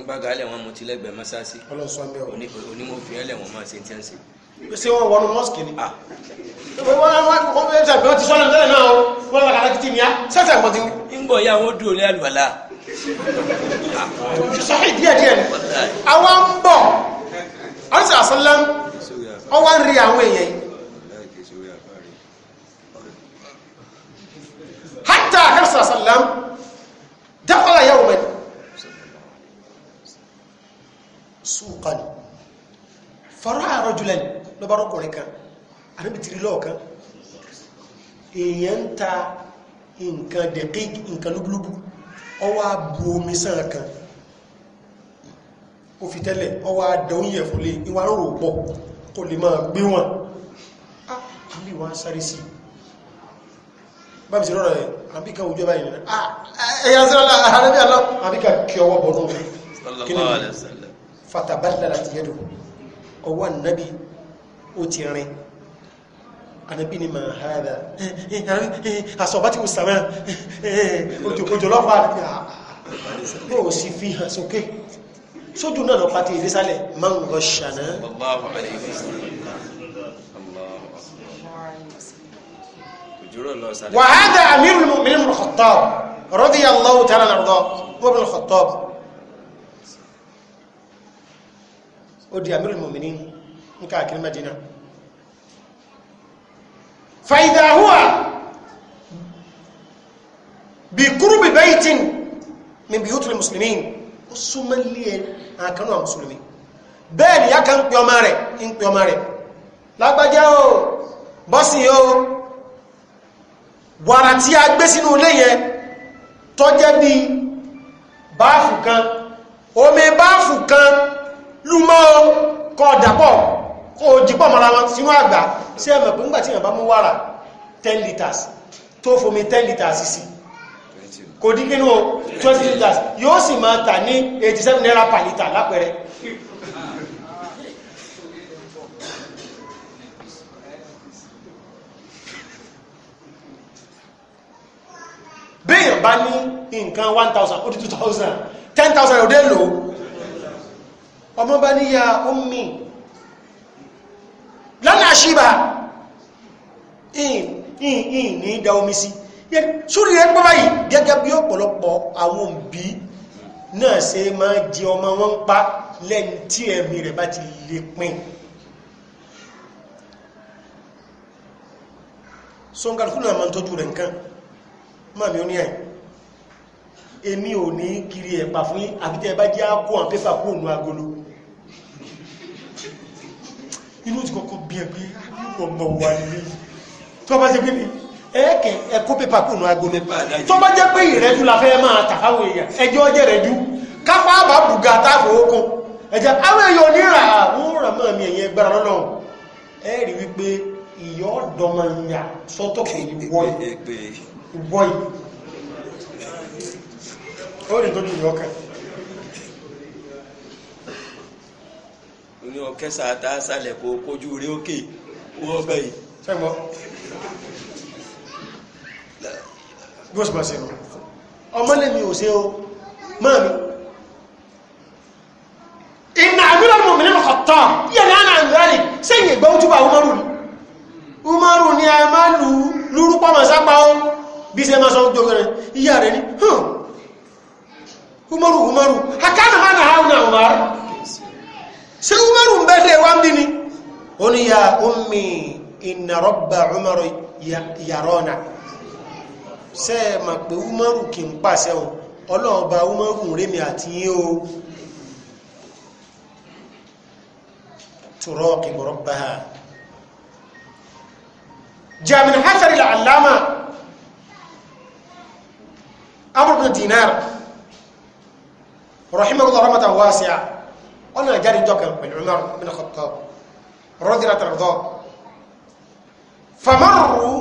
wọ́n gbàgbà alẹ̀ wọn mutí lẹ́gbẹ̀ẹ́ mọ́sáàsì onímọ̀fin alẹ̀ wọn máa ṣe tí wọ́n ṣé wọ́n wọnú mọ́sìkì ni. wọ́n wọ́n fẹ́ sàbí wọ́n ti sọ́nà tẹ́lẹ̀ náà o wọ́n wà kàkàkì tì ní á sẹ́sẹ̀ àgbọ̀n ti wú. ń bọ̀ ya wọ́n dúró lé àlùbàlà. sọ́hì díẹ̀ díẹ̀ ni àwa ń bọ̀ ọ̀sẹ̀ àṣọlá ọwọ́ rí àwọn èèyàn yìí. hátà àkàrà sàṣàlám dáfàlà yà wọ́n mẹ́ta súnkan fara àrọ jùlẹ ló bá rọkùnrin kan àníbi tìrí lọ́ọ̀kan èèyàn ń ta nǹkan dẹ̀kí nǹkan lúbúlúbú ọwọ́ abu omi sàn kan ó fi tẹ́lẹ̀ ọwọ́ adẹ̀óyẹ̀ fún lè ìwà ń rò pọ̀ kò lè máa gbé wọn àbí wọn sáré sí fataballalat yadu ọwọ́ annabi ó ti rìn anabi ni ma hada asọ̀bátí òsàmẹ́ òjò lọ́pàá ó sì fi hàn sókè sójú náà lọ́pàá ti ìrísàlẹ̀ man ghashana وهذا أمير المؤمنين الخطاب رضي الله تعالى عنه وابن الخطاب ó di amirul mu'minin ní káàkiri Madina fàìdà húwà bí kúrúbì baitin min buyutul muslimin ó súnmọ́ lé ẹ e, àkànú àwọn musulmi bẹ́ẹ̀ ni ya kan pẹ ọmọ rẹ̀ ń pẹ ọmọ rẹ̀ lágbàjá o bọ́sì o wàrà tí a gbé sínú ilé yẹn tọ́jẹ́ bí báàfù kan omi báàfù kan lúmọ́ kọ dàpọ̀ kó jípọ̀ mara wọn sínú àgbà sí ẹ̀mọ̀ pé nígbàtí ìyàn bá mú wàrà 10 litres tó fomi 10 litres sí kò dín nínú 20 litres yóò sì máa tà ní 87 naira per litre lápẹẹrẹ béèyàn bá ní nǹkan 1000 ó 2000 10000 ò dé lòó ọmọ bá ní ya ummi lọ́nà àṣíbà ìhìn ní ìdá omi sí ṣúrí rẹ̀ pọ́ báyìí gẹ́gẹ́ bí ọ̀pọ̀lọpọ̀ àwọn òbí náà ṣe máa jẹ ọmọ wọn pa lẹ́ni tí ẹ̀mí rẹ̀ bá ti lè pin sọ́nkàlùkù náà máa ń tọ́jú rẹ̀ nǹkan máa mi ó ní ẹ̀ èmi ò ní kiri ẹ̀pà fún àbítẹ́ bá jẹ́ àkó àwọn pépà kúrò agolo inú ti kọ́kọ́ bí ẹ pé àbúrò ọmọ wa nílé tó bá ṣe pé mi ẹ̀ẹ́kẹ̀ ẹ̀kọ́ pépà kùnú aago tó bá jẹ́ pé ìrẹ́jú la fẹ́ máa tà fáwọn èèyàn ẹjọ́ jẹ́ rẹ́jú káfá bá bùgà táàfọ̀ oko ẹ̀jẹ̀ àwọn èèyàn onírà ń ràn mọ́ mi ẹ̀yìn ẹgbẹ́ra lọ́nà ẹ̀rí wípé ìyọ́ ọ̀dọ́mọ ìyà sọ́tọ̀ kò wọ́yì ó rìn tó dùn yọkàn ní ọkẹsà tá a sálẹ̀ kó kojú rí òkè wọ́n bẹ̀ yìí. sẹ́gbọ́ bí wọ́n sì máa ṣe nù ọmọ lè mi ò ṣe o máa mi ìnà àmìlẹ̀ mọ̀ mi nínú kọ̀tọ̀ yẹ̀ ní àná àmì rẹ̀ sẹ́yìn ìgbà ojúbà umaru ni umaru ni a máa lù lúrúpọ̀ mọ̀ sápá ó bí ṣe máa sọ ojú rẹ̀ ìyá rẹ̀ ni umaru umaru akánà máa nà á ṣé umaru ń bẹ́ẹ̀ wá ń bí ni ó ní ya ummi inna rabba umaru yarona ṣe é mà pé umaru kì ń pàṣẹ o ọlọ́ọ̀ba umaru ń rémi àti yín o turaqib rabbaha jamin hasari al'allama amr ibn dinar rahimahullah rahmatan wasi'a ọ̀nà ìjáde jọ kan pẹ̀lú Umar bin Khattab rọ́dìrà tàrọ̀dọ́ fàmọ́rù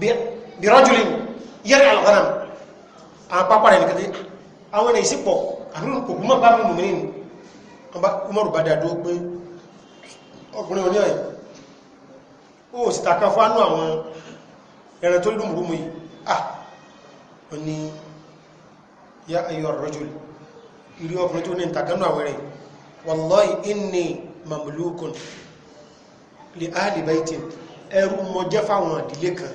bí rọ́jùlín yẹ́rẹ̀ alghanam àwọn pápá rẹ̀ nìkan tí àwọn ẹ̀nà ìsìpọ̀ àmìrìn kò gúnmọ́ bá mú mìírin Umar bá dàdó pé ọkùnrin oní ọ̀yìn ya ayyọ rọ́jùl ìrí ọkùnrin tó ní ìtàkánú àwẹ̀rẹ̀ wallahi inni mamlukun li ahli baitin ẹrú mọ jẹ́ fáwọn ìdílé kan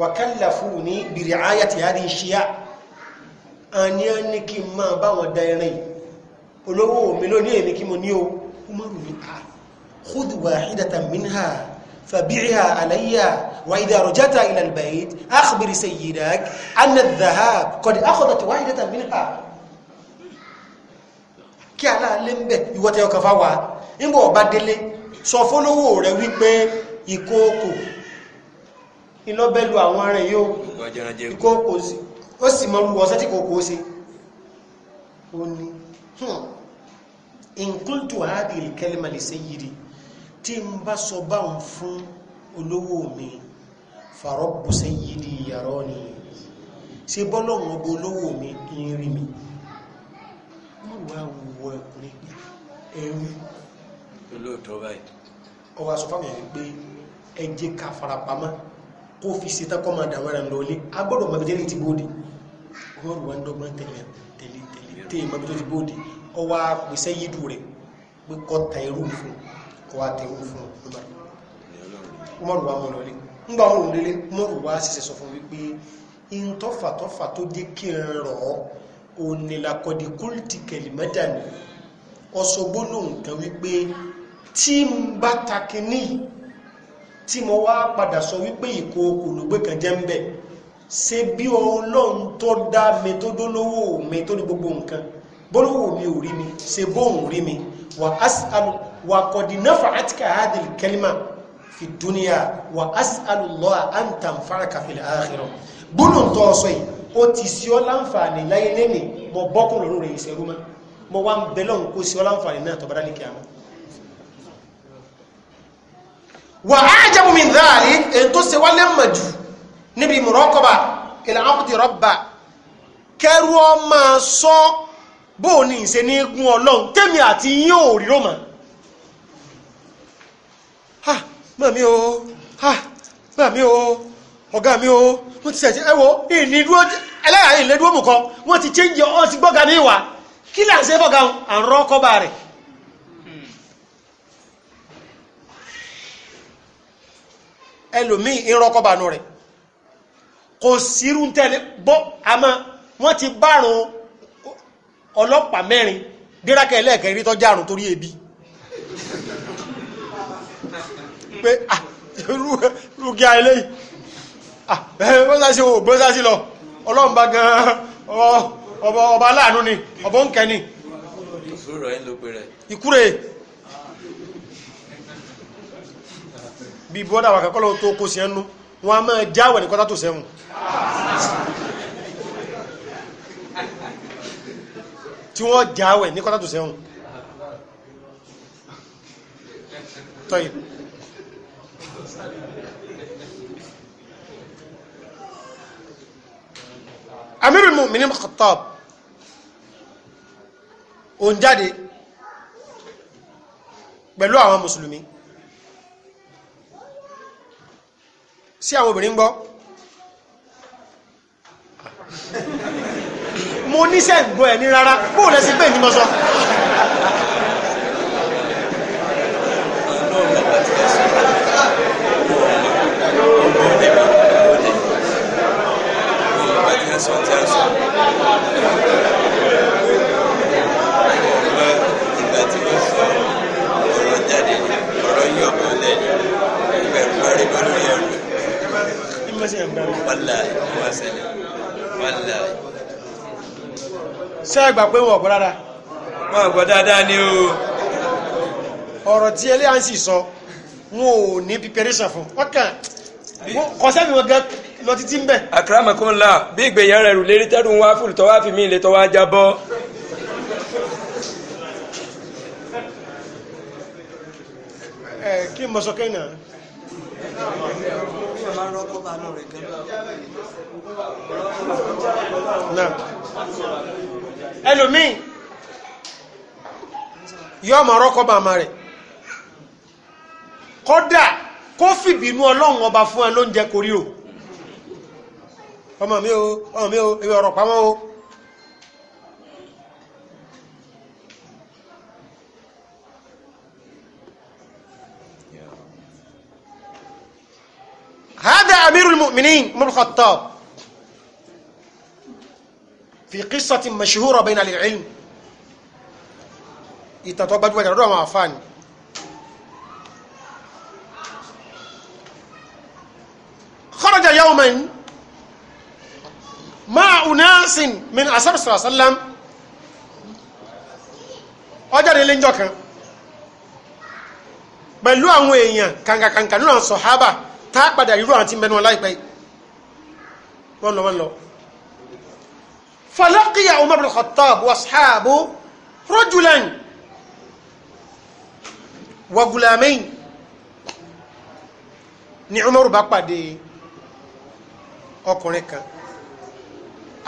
wa kallafuni bi ri'ayati hadhihi shiya àní á ní kí n máa da ẹrin olówó mi ló ní èmi kí mo ní o umaru ni a ah, khudh wahidatan minha فبيعها علي وإذا رجعت إلى البيت أخبر سيدك أن الذهاب قد أخذت واحدة منها kí aláàlẹ́ ń bẹ̀ ìwọ́tẹ̀ ọkàn fáwà nígbà ọba délé sọ fólówó rẹ̀ wípé ìkóòkò ìlọ́bẹ̀lú àwọn ará yóò ìkóòkò ó sì mọ́ lúwọ́ sẹ́tì kòókò ó se ó ní hmm. in qultu hadhihi al-kalima li sayyidi tí n bá sọ báwọn fún olówó mi farọ́pù sẹ́yìn di yàrá ni ṣe bọ́lọ́wọ́n ọgbọ́ olówó mi ń rí mi wọ́n wá wọ ẹkùnrin pé ẹrú olóòtọ́ báyìí ọwọ́ aṣọ fáwọn ẹ̀rí pé ẹ jẹ́ ká farapamọ́ kó fi ṣe tán kọ́ máa dàwọn ẹ̀rọ lọlé a mọ̀ bíjẹ́ ní ti bóde wọ́n wá ń dọ́gbọ́n tẹ̀lé tẹ̀lé tẹ̀lé tẹ̀lé mọ̀ bíjẹ́ ti bóde ọwọ́ apèsè yídù rẹ̀ pé kọ́ ẹrú fún un kó wá tẹ̀wó fún Umar Umar wà mọ̀ lọ́lé ńgbà wọn lélé Umar wà ṣiṣẹ́ sọ fún wípé in tọ́fà tọ́fà tó dé kí n rọ̀ ọ́ onílàkọ̀dí kúlìtì kẹlìmẹ́dà ni ọ̀ṣọ́gbó lòun kan wípé tí ń bá takiní tí mo wá padà sọ wípé ìkookò ló kan jẹ́ ń bẹ̀ ṣe bí ọlọ́run tó dá mi tó dólówó mi tó ní gbogbo nǹkan bólówó mi ò rí mi ṣe bóun rí mi wà á sì وقد نفعتك هذه الكلمة في الدنيا وأسأل الله أن تنفعك في الآخرة gbólóhùn tó ọsọ yìí ó ti sí ọ láǹfààní láyé lẹ́nì mọ bọ́kùn lọ́rùn rẹ̀ ìṣẹ̀rú mọ́ mọ wá ń bẹ lọ́hùn kó sí ọ láǹfààní náà tọ́bárá ní kíá wà á jẹ́mu mi dáàrí èyí tó ṣe wálé mọ̀ jù níbi mùrọ́kọ̀bà ìlà ákùtì kẹrù ọ sọ bóò ní ìṣe ní igun ọlọ́run tẹ́mi àti yín rí rọ́mọ̀ màmí o màmí o ọ̀gá mi o wọ́n ti sẹ̀tì ẹ̀wọ̀ ìnídúró ẹlẹ́yà ìlẹ́dúró mú kan wọ́n ti change ọ ti gbọ́ga ní ìwà kí là ń ṣe fọ́ga à ń rọ́ kọ́ba rẹ̀. ẹlòmíì ń rọ́ kọ́ba nù rẹ̀ kò sírú tẹ́lẹ̀ bọ́ àmọ́ wọ́n ti bárun ọlọ́pàá mẹ́rin dérákẹ́ ẹlẹ́ẹ̀kẹ́ rí tọ́jà àrùn torí ebi pé ah, rúgíà eléyìí bọ́sásí o bọ́sásí lọ ọlọ́run bá gan ọba aláàánú ni ọba ń kẹni ìkúrè bí bọ́dà wà kọ́lọ̀ tó kó sí ẹnu wọn a máa jáwẹ̀ ní kọ́tà tó sẹ́wọ̀n tí wọ́n jáwẹ̀ ní kọ́tà tó sẹ́wọ̀n tọ́yìn amirul المؤمنين Khattab òun jáde pẹ̀lú àwọn mùsùlùmí sí àwọn obìnrin gbọ́ mo níṣẹ́ gbọ́ ẹ̀ ní rárá bóò lẹ́sí pé ní mọ́sán ẹ̀sán tí a sọ. Ìgbà ìgbà tí mo sọ ọ̀rọ̀ jáde ọ̀rọ̀ yí ọ̀bọ̀ lẹ́nu ìgbà ìgbà rí bọ́ lórí ẹ̀rù. Wàlá ìwà sẹ́lẹ̀ wàlá. Ṣé ẹ gbà pé wọn ọ̀gbọ́n dáadáa? Wọn ọ̀gbọ́n dáadáa ni o. Ọ̀rọ̀ tí ẹlẹ́yà ń sì sọ, wọn ò ní pípẹ́rẹ́sàn fún. Ọkàn kọ́sẹ́ wọ́n gan lọ títí ń bẹ̀. àkàràmọ̀kún la bí ìgbéyàn rẹ̀ rù lérí tẹ́rù ń wá fùlù tọ́wá fi mí ilé tọ́wá jábọ́. ẹ kí n mọ̀ sọ kẹ́nà. ẹlòmíì yọ ọmọ ọrọ́kọ́ bàmà rẹ̀ kódà kó fìbínú ọlọ́run ọba fún ẹ lóúnjẹ korío. هذا أمير المؤمنين ابن الخطاب في قصة مشهورة بين العلم يتطبج وجه مع فاني خرج يوما máa unasin min asabisra sallam ọjọ́ ilé ìjọ kan pẹ̀lú àwọn èèyàn kàǹkàǹkà nínú àwọn sọ̀hábà tá a padà irú àwọn tí mẹ́nu láìpẹ́ wọ́n lọ wọ́n lọ falaqiya umar bin khattab wa ashabu rajulan wa gulamain ni umar bá pàdé ọkùnrin kan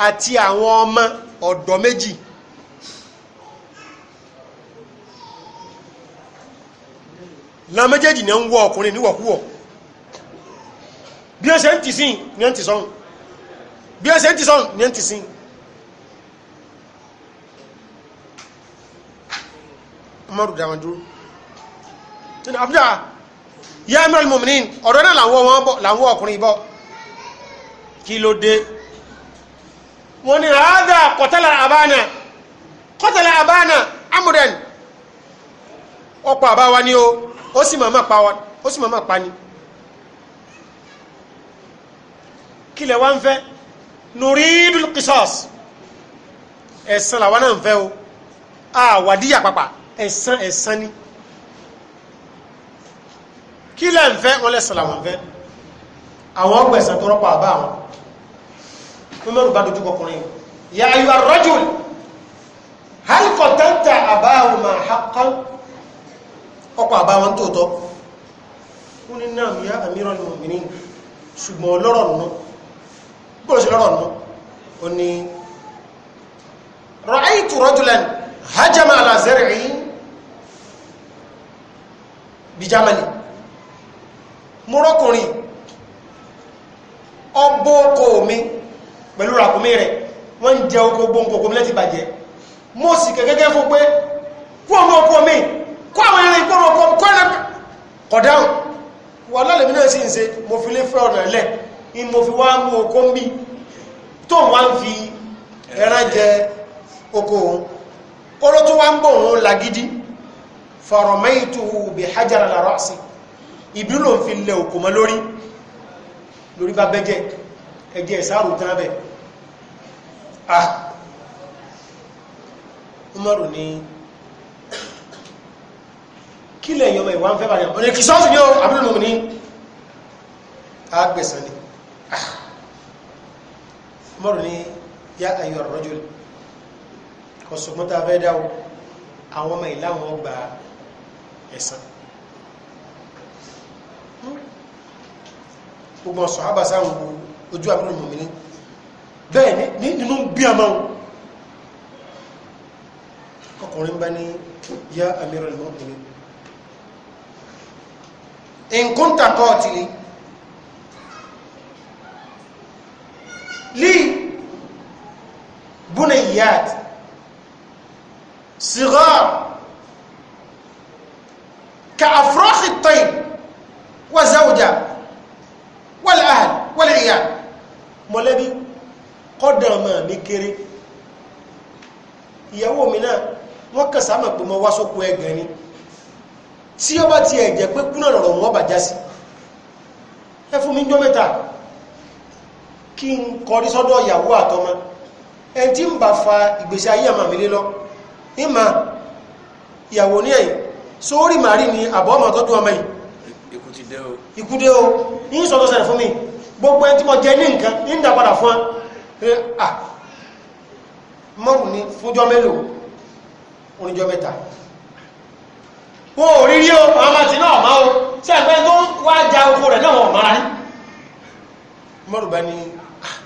àti àwọn ọmọ ọ̀dọ́ méjì làwọn méjèèjì ni ń wọ ọkùnrin níwọ̀kúwọ̀ bí wọ́n ṣe ń tì sí ni wọ́n ti sọ́hun bí wọ́n ṣe ń tì sọ́hun ni wọ́n ti sí ọmọrù dáwọn dúró nínú àbúdá yá mẹ́rin mọ̀mìnín ọ̀dọ́ náà làwọn ọkùnrin bọ́ kí ló dé wọ́n ní hádà abana àbánà abana àbánà amúdẹ́n ọ̀pọ̀ àbáwa ni o ó sì máa pa wa ó sì máa pa ni kílẹ̀ wá ń fẹ́ nuridul qisas ẹ̀sán làwọn náà ń fẹ́ o àwàdíyà pàpà ẹ̀sán ẹ̀sán ni kílẹ̀ ń fẹ́ wọn lẹ̀sán làwọn ń fẹ́ àwọn ọgbẹ̀sán tó rọ́pò àbá àwọn. Umaru bá dojú kọkùnrin ya ayu arrajul hal qatanta abahuma haqqan ọkọ̀ àbáwọn tóòtọ́ ó ní náà ya amiral mu'minin ṣùgbọ́n lọ́rọ̀ nù gbọ́dọ̀ sí lọ́rọ̀ nù ó ní ra'aytu rajulan hajama ala zar'i bi jamali mọ́rọ́kùnrin ọgbọ́ mi pẹ̀lú ràkúnmí rẹ̀ wọ́n ń jẹ oko gbóǹkòkò mílẹ̀ ti bàjẹ́ mo sì kẹ̀kẹ́kẹ́ fún pé kú ọmọ ọkọ mi kó àwọn ẹran ìkó ọmọ ọkọ mi kó ẹran kọ̀dáhùn wà lálẹ́mí náà sì ṣe mo fi lé fẹ́ ọ̀nà lẹ̀ ń fi la rọ́ọ̀sì ìbí ló ń fi lẹ òkò mọ́ lórí lórí bá bẹ́jẹ́ ẹjẹ́ ìsáàrù tán ah umaru ni kí lẹ́yìn ọmọ ìwà ń fẹ́ bàrẹ̀ ọ̀nà kìsọ́ọ̀sì ní abúlé mọ̀mí ní agbẹ̀sán ni ah. umaru ni yá ayọ̀ rọ́jò kọ̀sùgbọ́ta fẹ́ dáwọ́ àwọn ọmọ ìlànà ọgbà ẹ̀sán hmm. gbogbo ọ̀sọ̀ àbásáwò ojú abúlé mọ̀mí ní bẹ́ẹ̀ ní nínú bí a máa ọkùnrin bá ní yá amírọ̀ ìmọ̀ obìnrin nǹkan tàkọ́ ti lè lè búnà ìyáàtì صغار كأفراخ الطيب وزوجة والأهل والعيال مولدي kọ́dà ọmọ mi kéré ìyàwó mi náà wọ́n kàn sáàmà pé mọ́ wá sókò ni tí ó bá ti ẹ̀jẹ̀ pé kúnà lọ̀rọ̀ wọ́n bà já sí ẹ fún mi jọ mẹ́ta kí n kọrí sọ́dọ̀ ìyàwó àtọmọ ẹ tí ń fa ìgbésí ayé àmà mi lọ ìmà ìyàwó ní ẹ̀yìn sórí màrí ni àbọ̀ tọ́jú ọmọ yìí o mi gbogbo ẹ tí mo jẹ ní nǹkan ní pé à ah, mọ́rùn ní fúnjọ́ mélòó oníjọ́ mẹ́ta wọn ò rí rí o ọmọ tí náà máa o tí ẹgbẹ́ tó wá ja oko rẹ̀ náà wọ́n mara ní mọ́rùn bá ní ah,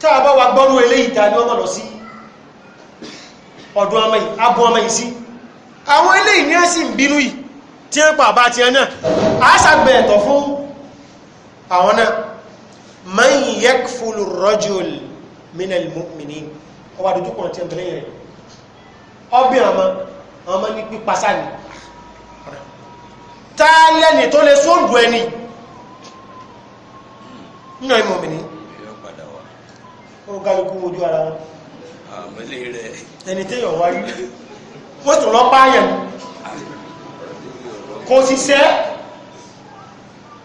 tá a bá wa gbọ́rú eléyìí ta ni wọ́n mọ̀ lọ sí ọdún ọmọ yìí abọ́ ọmọ yìí sí àwọn eléyìí ní ẹ̀sìn bínú yìí tí ń pa àbá tiẹ̀ náà àṣàgbẹ̀ ẹ̀tọ́ fún àwọn náà man yakfulu rajul min almu'minin ọba dojú kan tí ẹ̀mẹ́lẹ́ yẹn ọbẹ̀ ọmọ ọmọ ní pípasá ni tá lẹ́ni tó lè sóòdù ẹni nínú ìmọ̀ mi ní ó gálùkù ojú ara wọn ẹni téèyàn wá rí wọ́n tún lọ pààyàn kò sì sẹ́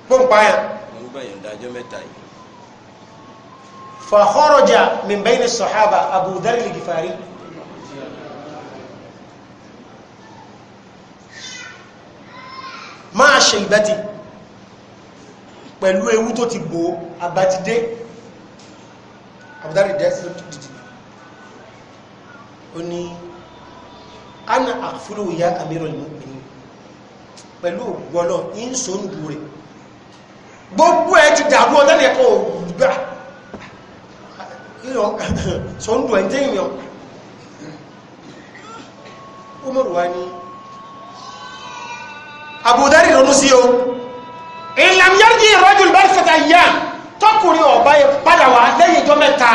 gbọ́n pààyàn. wọ́n gbàyàn dájọ́ mẹ́ta yìí. فخرج من بين الصحابة أبو ذر الجفاري ما شيبتي pẹ̀lú ewu tó ti gbò àbátidé àbúdárì dẹ́sìtì ó ní ana àfúrò ya amirul mu'minin pẹ̀lú ògbọ́lọ̀ ìsòǹdù rẹ̀ gbogbo ẹ̀ ti dàrú ọ̀dẹ́lẹ̀kọ́ ògbà sọ́ndù ẹ̀ jẹ́ ìyàn Umaru wa ni Abu Dhari ronú sí o ìlàm yẹ́rìndì ìrọ́jù lọ́sẹ̀tà yá tọkùnrin ọ̀bá yẹ padà wá lẹ́yìn ìjọ mẹ́ta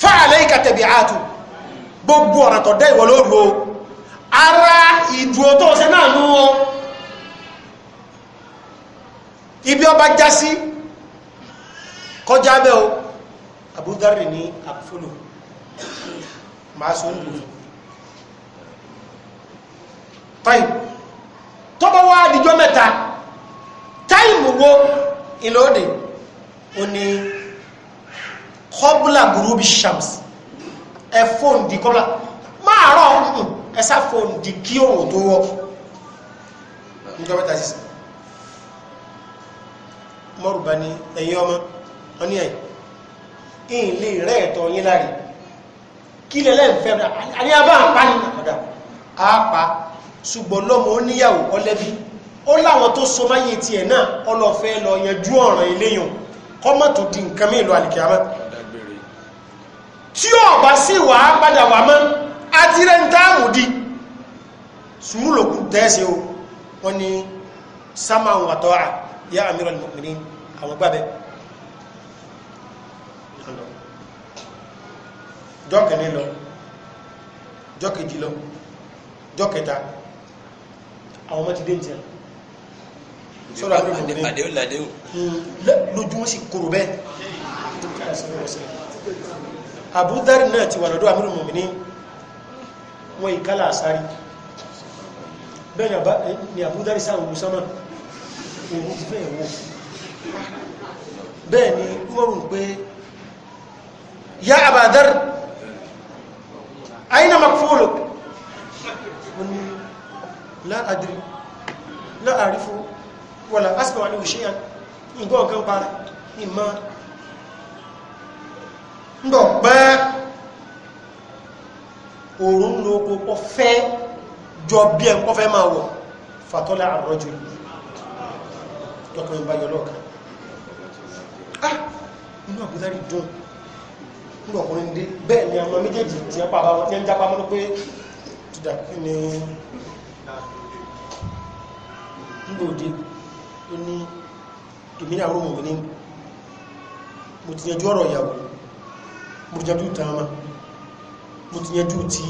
fáàlẹ́ ìkàtẹ̀bì ààtù gbogbo ọ̀rọ̀ tọ̀ dẹ́ ìwọ̀ lóru ara ìdúró tó ṣe náà nú o ibi ọba já kọjá bẹ́ẹ̀ o abúdárì ní àkúfòlò máa sọ ń dùn táì tọ́bọ̀ wá àdìjọ́ mẹ́ta táìmù wo ìlóòdì o ní kọ́bùlà gúrúbì shams ẹ fóònù di kọ́bùlà máa rọ̀ ọ̀hún ẹ sá di kí òun tó wọ́ nígbà mẹ́ta sísè mọ́rùbá ní ẹ̀yìn ọmọ wọ́n ní ẹ̀ ìyìn lè rẹ́ ẹ̀tọ́ yín láre kí lẹ́lẹ́ ń fẹ́ àní abá àpá ní àpàdà àpá ṣùgbọ́n lọ́mọ ó níyàwó ọlẹ́bí ó láwọn tó so máyé tiẹ̀ náà ọlọ́fẹ́ lọ yanjú ọ̀ràn eléyàn kọ́mọ̀ tó di nǹkan mí lọ àlìkìyàmọ́ tí ó bá sí wà á padà wà mọ́ àtìrẹ́ ń táàmù jọ́kẹ̀ní lọ jọ́kẹ̀jì lọ jọ́kẹta àwọn ọmọ ti dé ìtìyàn sọ́rọ̀ àwọn ọmọdé hmm, lójú wọ́n sì kòrò bẹ́ẹ̀ àbúdárì náà ti wà lọ́dọ̀ àmìrì mọ̀mìnì wọ́n ìkálà àsárí bẹ́ẹ̀ ni àbúdárì sáà òun sánmà òun ti fẹ́ ẹ̀wọ̀ bẹ́ẹ̀ ni wọ́n rùn pé yá àbádárì aina makfuluk wani la adri la arifu wala asma wa ni shay'an ngo kan para imma ndo ba orun lo ko ko fe jo bi en ko fe ma wo fatola arrojul to ko ba yo loka ah inú abudari dun nígbà ọkùnrin dé bẹ́ẹ̀ ni àwọn méjèèjì tí wọ́n pàbá wọn tí wọ́n jápá mọ́nú pé tìdà kí ni nígbà òde tó ní tòmínà rómù mi ní mo ti yanjú ọ̀rọ̀ ìyàwó mo ti yanjú ìtàmà mo ti yanjú ti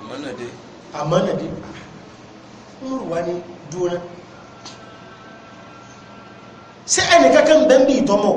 àmọ́nàdé àmọ́nàdé ń rò ní dúró náà ṣé ẹnì kankan bẹ́ẹ̀ bí ìtọ́mọ̀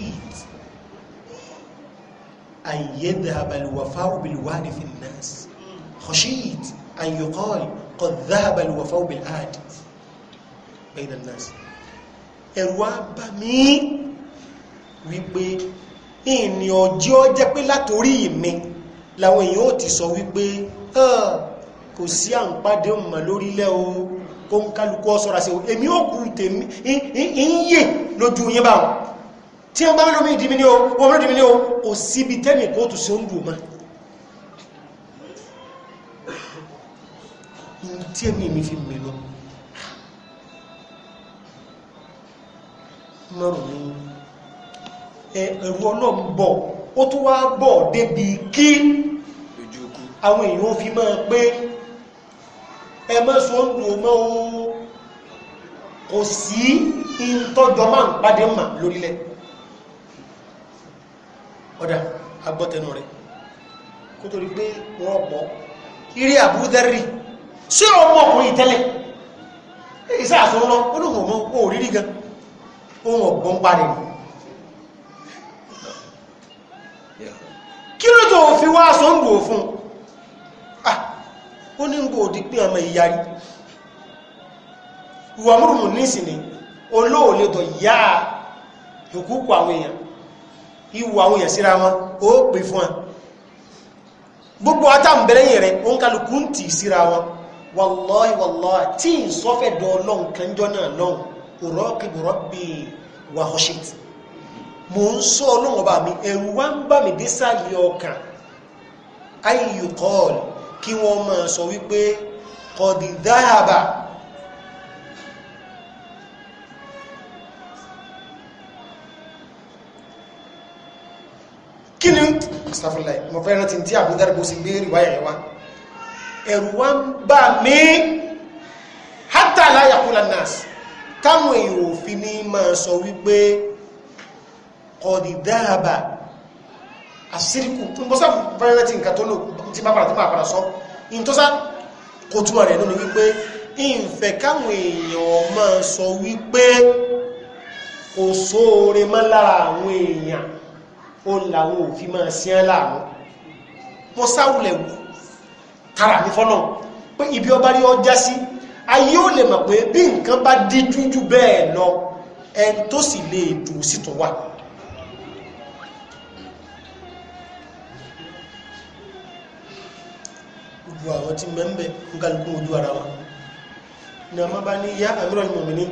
أن يذهب الوفاء بالوعد في الناس خشيت أن يقال قد ذهب الوفاء بالعهد بين الناس ẹ̀rù wa bà mí wípé ìní ọjọ́ jẹ́ pé látòrí mi làwọn èèyàn ò ti sọ wípé kò sí à ń pàdé mọ̀ lórílẹ̀ o kó ń kálukú ọ̀sọ́ra sí o èmi ò kú tèmi ń yè lójú yín báwọn tí wọ́n bá mẹ́lò mí ìdími ní o wọ́n mẹ́lò ìdími ní o kò síbi tẹ́mì kóòtù sí oúnjẹ mọ́ ní tí èmi mi fi mẹ́ lọ mọ́rùn ní ẹ̀rù ọ̀nà ń bọ̀ ó tún wá bọ̀ débi kí àwọn èèyàn fi máa pé ẹ mọ́ sí oúnjẹ mọ́ o kò sí ìtọ́jọ́ máa ń pàdé mà lórílẹ̀ ọ̀dà agbọ́tẹnu rẹ̀ kó torí pé wọ́n pọ̀ irí àbúdárì sí ọmọkùnrin tẹ́lẹ̀ ìsá àsọ̀rọ̀ lọ ó lóun ọmọ òrírí gan ohun ọ̀gbọ́n parí kí ló tó fi wá aṣọ ń gbò fún ah ó ní ń gbò dí pé ọmọ ìyarí ìwà múrùmù nísìnyí olóòlétọ̀ yáà ìkúkú àwọn èèyàn ìwò àwọn èèyàn síra wọn ó pè fún wọn gbogbo atàmbẹ̀lẹ́yìn rẹ̀ ó ń kálukú ń tì síra wọn wallahi wallahi tí ìsọ́fẹ́ dọ̀ ọlọ́run kanjọ́ náà lọ́hùn uraqibu mi ẹ̀rù wá ń bà mí désàlẹ̀ ọkàn ayùkọ́ọ̀lù kí wọ́n kí ni sàfihàn mọ̀ fẹ́ rántí tí àbúdárí bó sì gbé ìwáyà wa ẹ̀rù wa ń bà mí hátà láyàkúlà nas táwọn èèyàn òfin ní máa sọ wípé kọ̀dìdáàbà àṣírìkù tó ń bọ́ sáfù fẹ́ rántí nǹkan tó lò tí bá padà tí máa padà sọ ìntọ́sá kò túmọ̀ rẹ̀ lónìí wípé kò sóore mọ́ lára àwọn èèyàn ó làwọn òfin máa sí án láàmú mo sáwùlẹ̀ tara mi fọ́nà pé ibi ọba rí ọjà sí ayé ò lè mọ̀ pé bí nǹkan bá díjú jù bẹ́ẹ̀ lọ ẹn tó sì lè dùn sí tó wà. gbogbo àwọn tí mẹ́ńbẹ́ ń kálukú ojú ara wọn ni a máa bá ní yá àmúrò mọ̀mìnì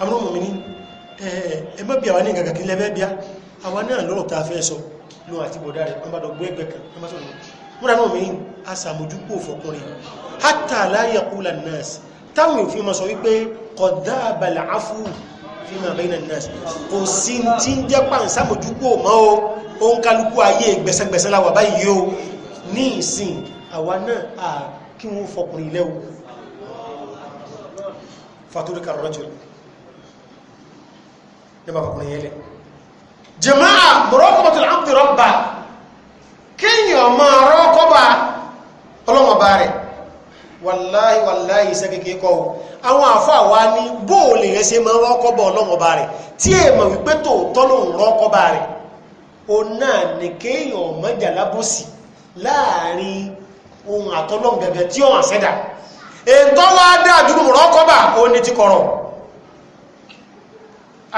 àmúrò mọ̀mìnì ẹ̀ẹ́dẹ́gbẹ̀bí àwọn ní gàgàkí lẹ́fẹ̀ẹ́ bíá àwọn náà lọ́rọ̀ tá a fẹ́ sọ lọ àti bọ̀dá rẹ̀ wọ́n bá dọ̀gbọ́ ẹgbẹ́ kan wọ́n bá múra náà mìí a sàmójúkú òfọkùnrin hátà láyé kúlà nọ́ọ̀sì táwọn òfin ma sọ wípé kọ̀dá àbàlà áfú fi máa bẹ́ẹ̀ náà nọ́ọ̀sì kò sí tí ń jẹ́ pàn sàmójúkú òmọ́ o ó ń kálukú ayé o ní ìsìn àwa náà à kí wọ́n jama'a mọ̀rọ́kọ̀mọ̀tò àbdìrọ̀bà kíyàn máa rọ́kọ́bà ọlọ́mọba rẹ̀ wàláhì wàláhì iṣẹ́ kékeré kọ́ o àwọn àfáà wa ní bóòlù yẹn ṣe máa rọ́kọ́bà ọlọ́mọba rẹ̀ tí èèmọ̀ wípé tòótọ́ lòun rọ́kọ́bà rẹ̀ o náà ní kéèyàn mọ́jà lábòsí láàrin ohun àtọ́lọ́ gẹ́gẹ́ tí ọ̀hún àṣẹ́dà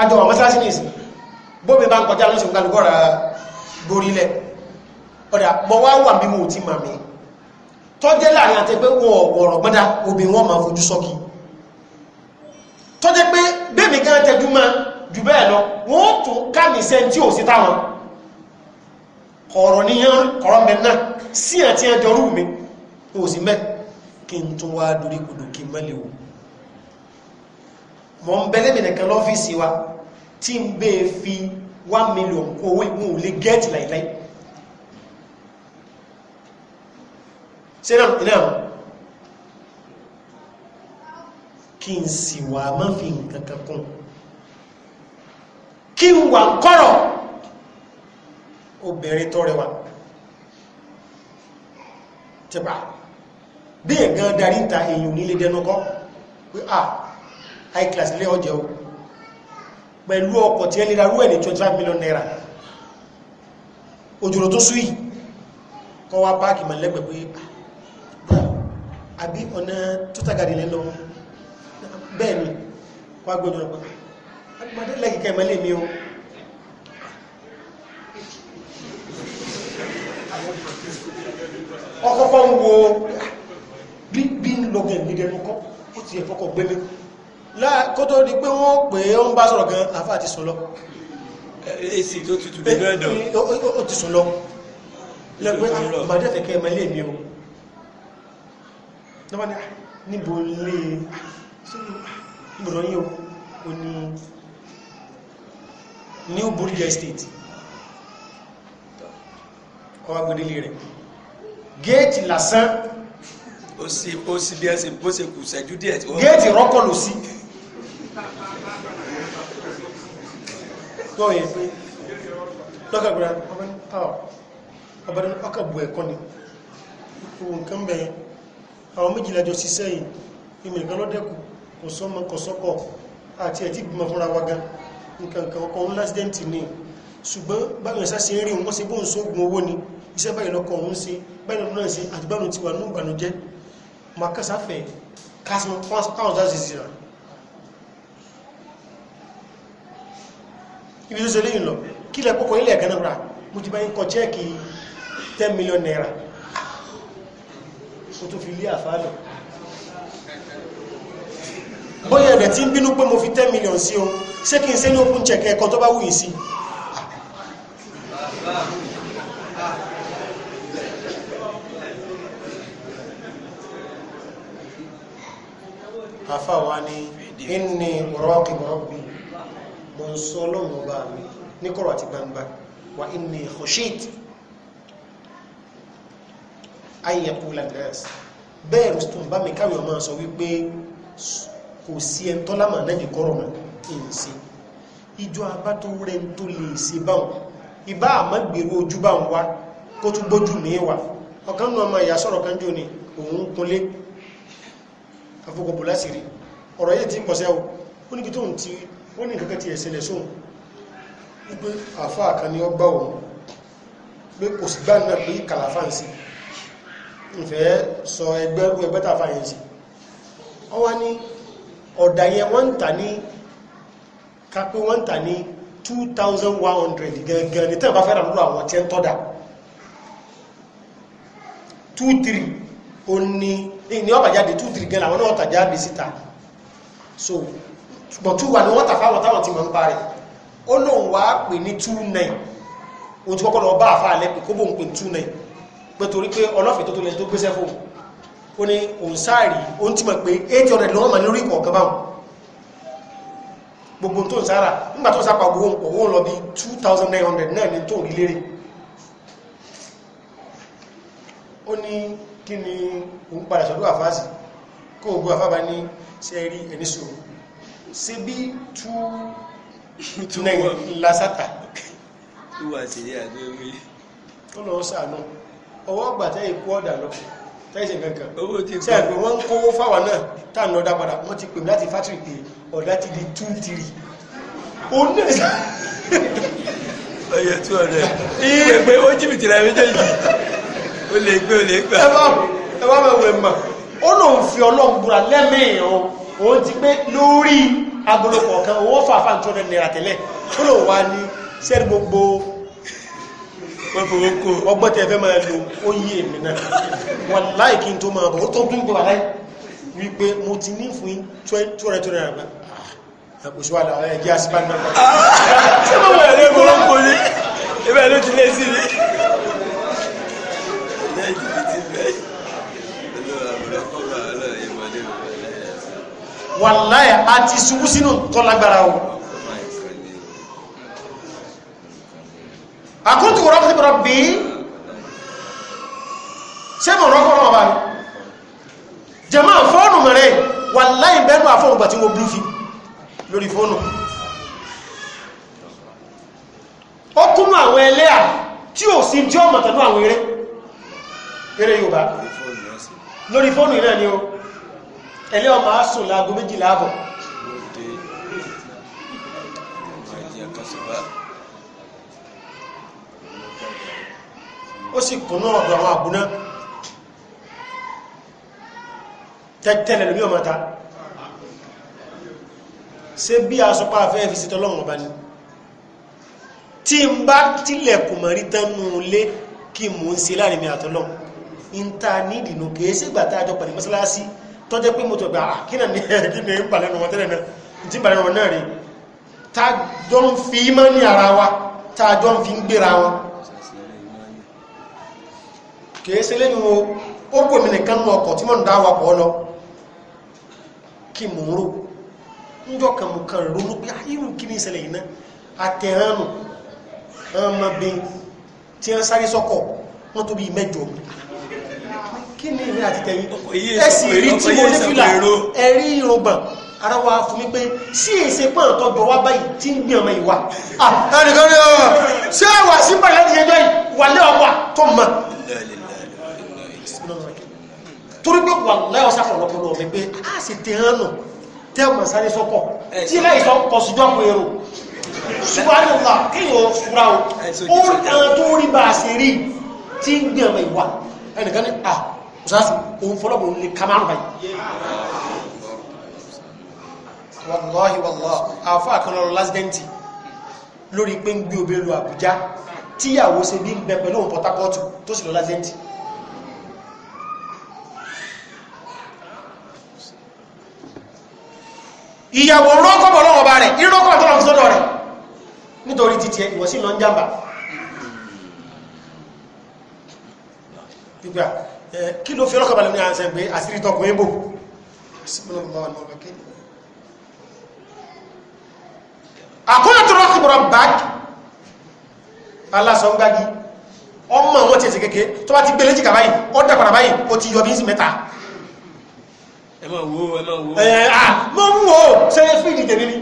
ètò bóbi bá ń kọjá lọ́sùn kálùkọ́ra gorílẹ̀ ọ̀dà mọ́ wá wà bí mo ti mà mí tọ́jẹ́ láàrin àti pé wọn ọ̀rọ̀ gbọ́dá obìnrin wọn máa fojú sọ́kì tọ́jẹ́ pé bẹ́ẹ̀mì kan tẹjú máa jù bẹ́ẹ̀ lọ wọ́n tún káàmì iṣẹ́ tí ò sí táwọn kọ̀rọ̀ níyàn kọ̀rọ̀ mẹ́ náà sí àti ẹjọ́ mi ò sí mẹ́ kí n tún wá dorí kodò kí mẹ́lẹ̀ wò mọ̀ nìkan lọ́fíìsì wa tí ń bẹ́ fi 1 million kó owó ìgbóhùn lè gẹ́ẹ̀tì láìláì ṣe náà iná kí n sì wà má fi nǹkan kankan kí n wà kọ́rọ̀ obìnrin tó rẹwà tẹ́bà bí ẹ̀gán darí ta èèyàn nílé dẹnukọ́ pé ah high class lé ọjọ́ o pẹ̀lú ọkọ̀ tí ẹ lè rarú ẹ̀ ní 25 million naira òjòrò tó súyì kọ́ wá páàkì mọ̀ lẹ́gbẹ̀ pé ah, àbí ọ̀nà tó tàgàdì lẹ́lọ bẹ́ẹ̀ ni kọ́ agbẹ́dọ̀ ọ̀pá ah, agbẹ́dẹ́ lẹ́kẹ̀kẹ́ mẹ́lẹ́ mi o ọkọ̀kọ́ ń wo ah, bí lọ́gẹ̀ nídẹ̀ẹ́nukọ́ ó ti ẹ̀fọ́kọ̀ gbẹ́mẹ́kọ́ kó tó di pé wọ́n pè é ó ń bá sọ̀rọ̀ gan afá ti sùn lọ èsì tó tutù bí lọ́dọ̀ ó ti sùn lọ lẹ́gbẹ́ ah, àmàdẹ́fẹ̀ kẹ́ ẹmọ ilé mi o lọ́wọ́ ní ah, níbo lè gbọ́dọ̀ yíò o ní new Bodija estate ọwá gbọ́dílé rẹ̀ géètì lásán ó sì bí ẹ́ sì bó ṣe kù ṣẹ́jú díẹ̀ géètì rọ́kọ̀lù sí tó yẹ lọ́kàgbà ọbẹ̀rin ọkàbù ẹ̀kọ́ ni ìwò nǹkan bẹ̀yẹn àwọn méjìlájọ síṣẹ́ yìí ìmìnkan lọ́dẹ́kù kò sọ́mọ kò sọ́kọ̀ àti ẹ̀tí gbìmọ̀ fúnra wa gan nǹkan kan ọkọ̀ ńlá sídẹ́ǹtì ni ṣùgbọ́n báyọ̀ sá ṣe ń rí wọ́n ṣe bóun sóògùn owó ni iṣẹ́ báyìí lọ́kọ̀ òun ṣe báyìí náà ṣe àdìbánu ti wà ní ìbànújẹ́ màkàsáfẹ́ kásán pọ́nsá ibi tó ṣe léyìn lọ kí lẹ kọ́kọ́ ilẹ̀ ẹ̀kan náà mo ti bá yín kọ chẹ́ẹ̀kì 10 million naira o tó fi lé àfáàlọ̀ bóyá ẹ̀rẹ̀ tí ń bínú pé mo fi 10 million sí o ṣé kí n ṣe ní open check ẹ̀kan tó bá wù yìí sí àfáà wa ni inni rọ́ọ̀kì rọ́ọ̀bì mo ń sọ ọlọ́run ọba mi ní kọ̀rọ̀ àti gbangba wa inni khoshit ayẹ̀kú lagos bẹ́ẹ̀ rústùn bá mi káwẹ̀ ọmọ sọ wípé kò sí ẹn tọ́lá mà náà nìkọ́rọ̀ mà èyí sí ìjọ abá tó rẹ tó lè ṣe báwọn ìbá àmọ́ gbèrú ojú báwọn wá kó tún gbójú mi wà ọ̀kan náà ọmọ ìyá sọ̀rọ̀ kan jò ní òun kúnlé afọ́gbọ̀bọ̀ láti rí ọ̀rọ̀ yìí ti ń pọ̀ sẹ́wọ̀ ó ní tóun ti ó ní kankan ti ẹ̀sẹ̀lẹ̀ sóhun wípé àfáà kan ni ó gbá òun pé kò sí gbá náà pé kàlàfà ń sí ìfẹ́ sọ ẹgbẹ́ rú ẹgbẹ́ tàfà yẹn sí ọ wá ní ọ̀dà yẹn wọ́n ń tà ní kápé wọ́n ń tà ní 2100 gangan ní tẹ́lẹ̀ bá fẹ́ rà lórí àwọn tí ń tọ́dà 23 ó ní ní ọ̀bàjáde 23 gan àwọn náà síta so ṣùgbọ́n túwà ní wọ́n tàfà wọ́táwọ̀ ti ma ń parí ó lóun wá pè ní 9 ohun tí kọ́kọ́ lọ bá àfà alẹ́ pé kó bóun pè 29 pé torí pé ọlọ́fẹ́ tó tó lẹ́yìn tó gbéṣẹ́ fún ó ní òun sáàrí ohun tí ma pé 800 lọ́wọ́ ma ní orí kọ̀ọ̀kan báwọn gbogbo tó ń sára nígbà tó sápa owó n lọ bí 2900 náà ni tó rí ṣe bí tú lásátà tó wà sí ní àgbẹ̀wé ó lọ sàánú ọwọ́ ọgbà tẹ́ ìkú ọ̀dà lọ tẹ́sẹ̀ kankan ṣe àgbẹ̀ wọ́n ń kówó fáwà náà tààna ọ̀dà padà wọ́n ti pè mí láti fátìrì pé ọ̀dà ti di tú tìrì ó náà ọyẹ tú ọ̀rẹ́ iye pé ó jìbìtì rẹ̀ méjèèjì ó lè gbé ó lè gbà ẹ bá bẹ wẹ̀ mà ó lòun fi ọlọ́run búra lẹ́mìí ọ̀hún òun ti pé lórí agolo kọ̀ọ̀kan owó fàáfà tó rẹ̀ nira tẹ́lẹ̀ tó lò wá ní sẹ́rí gbogbo ọgbọ́n tẹ́ fẹ́ máa lo ó yí èmi náà wọn láì kí n tó máa bọ̀ ó tó tún gbọ́ aláì wípé mo ti ní fún tó rẹ̀ tó rẹ̀ àgbà àpòṣù àlàyé ẹ̀jẹ̀ àsìbá náà. ṣé mo wẹ̀ lé gbọ́dọ̀ kò ní wàláyà àti ṣubú sínú tọ́lágbára o àkúntù rọ́pìtìpọ̀rọ̀ bí sẹ́mọ̀ rọ́pọ̀rọ̀ ọba jẹ́mọ́ fóònù mẹ́rẹ́ wàláyì bẹ́nu àfóònù gbà tí wọ́n blúfi lórí fóònù ó kúnnù àwọn ẹlẹ́à tí ò sí tí ó mọ̀tẹ̀lú àwọn eré eré Yorùbá lórí fóònù ilẹ̀ ni o ẹlẹ́ ọmọ asùn láago méjìlá àbọ̀ ó sì kùnú ọ̀dọ̀ àwọn àbúná tẹ́tẹ́lẹ̀ lómi ọmọ ta ṣe bí a sọpá afẹ́ fi sí tọ́lọ́wọ̀n ọba ni tí n bá tilẹ̀kùn mọ̀rí tánú lé kí mò ń ṣe láàrin mi àtọ́lọ́ ń ta nídìí nù kìí sígbà tá a jọ mọ́sálásí tọ́jẹ́ pé mo tọ̀gbà ah, kíni ní kíni ń bà lẹ́nu wọn tẹ́lẹ̀ náà tí ń bà lẹ́nu wọn náà rí tá jọ ń fi imá ní ara wa tá jọ ń fi ń gbéra wọn kìí ṣe lẹ́nu o ó pè mí nìkan nù ọkọ̀ tí mò ń dá wa pọ̀ lọ kí mò ń rò níjọ́ kan mo kàn ronú pé ah, irú kí ní ìṣẹ̀lẹ̀ iná àtẹ̀ránù ọmọbìnrin tí wọ́n sáré sọ́kọ̀ wọ́n tó bí mẹ́jọ mi kí ni èmi àti tẹ̀yìn ẹ̀sì rí tí mo ní fìlà ẹ̀rí irùngbọ̀n ara wa fún mi pé sí èsè pọ̀ tọ́jú wa báyìí tí ń gbìyànjú ìwà ẹnìkan ní ọ̀rọ̀ ṣé wà sí bàyá ti ẹjọ́ yìí wà lẹ́ ọ̀pá tó mọ̀ torí pé wà lẹ́ ọ̀sà fọ̀rọ̀ pẹ̀lú ọ̀mí pé a sì tẹ̀ hàn nù tẹ́ ọmọ sáré sọ́pọ̀ tí láì sọ pọ̀ síjọ́ pé èrò ṣùgbọ́n àlọ́ kí ni ó o ó ń tó rí bá a ṣe rí tí ń gbìyànjú ìwà ẹnìkan ní à musasu òun fọlọ́bù ní kamanu báyìí wàláhì wàláhì àfá àkànlọ́rọ̀ lásìdẹ́ntì lórí pé ń gbé obìnrin lọ Àbújá tíyàwó ṣe bí bẹ pẹ̀lú òun Port Harcourt tó sì lọ lásìdẹ́ntì ìyàwó rọ́kọ̀bọ̀ lọ́wọ́ bá rẹ̀ irọ́kọ̀bọ̀ tó lọ fi sọ́dọ̀ rẹ̀ nítorí títí ẹ ìwọ̀sí lọ ń jàmbá gbígbà Eh, kí ló fi ọlọ́kọ̀balẹ̀ ní àṣẹ pé àṣírí tọkùn ẹbò àkóyàtọ̀rọ̀kọ̀bọ̀rọ̀ báàkì alásọ̀ngbági ọmọ wọn ti ẹ̀sẹ̀ kéèké tó bá ti gbé léjìká báyìí ó dàpàdà báyìí ó ti yọ bí sí mẹ́ta ẹ máa wò ẹ máa wò ẹ̀ eh, à mọ́ mú o ṣe é fún ìdíje níní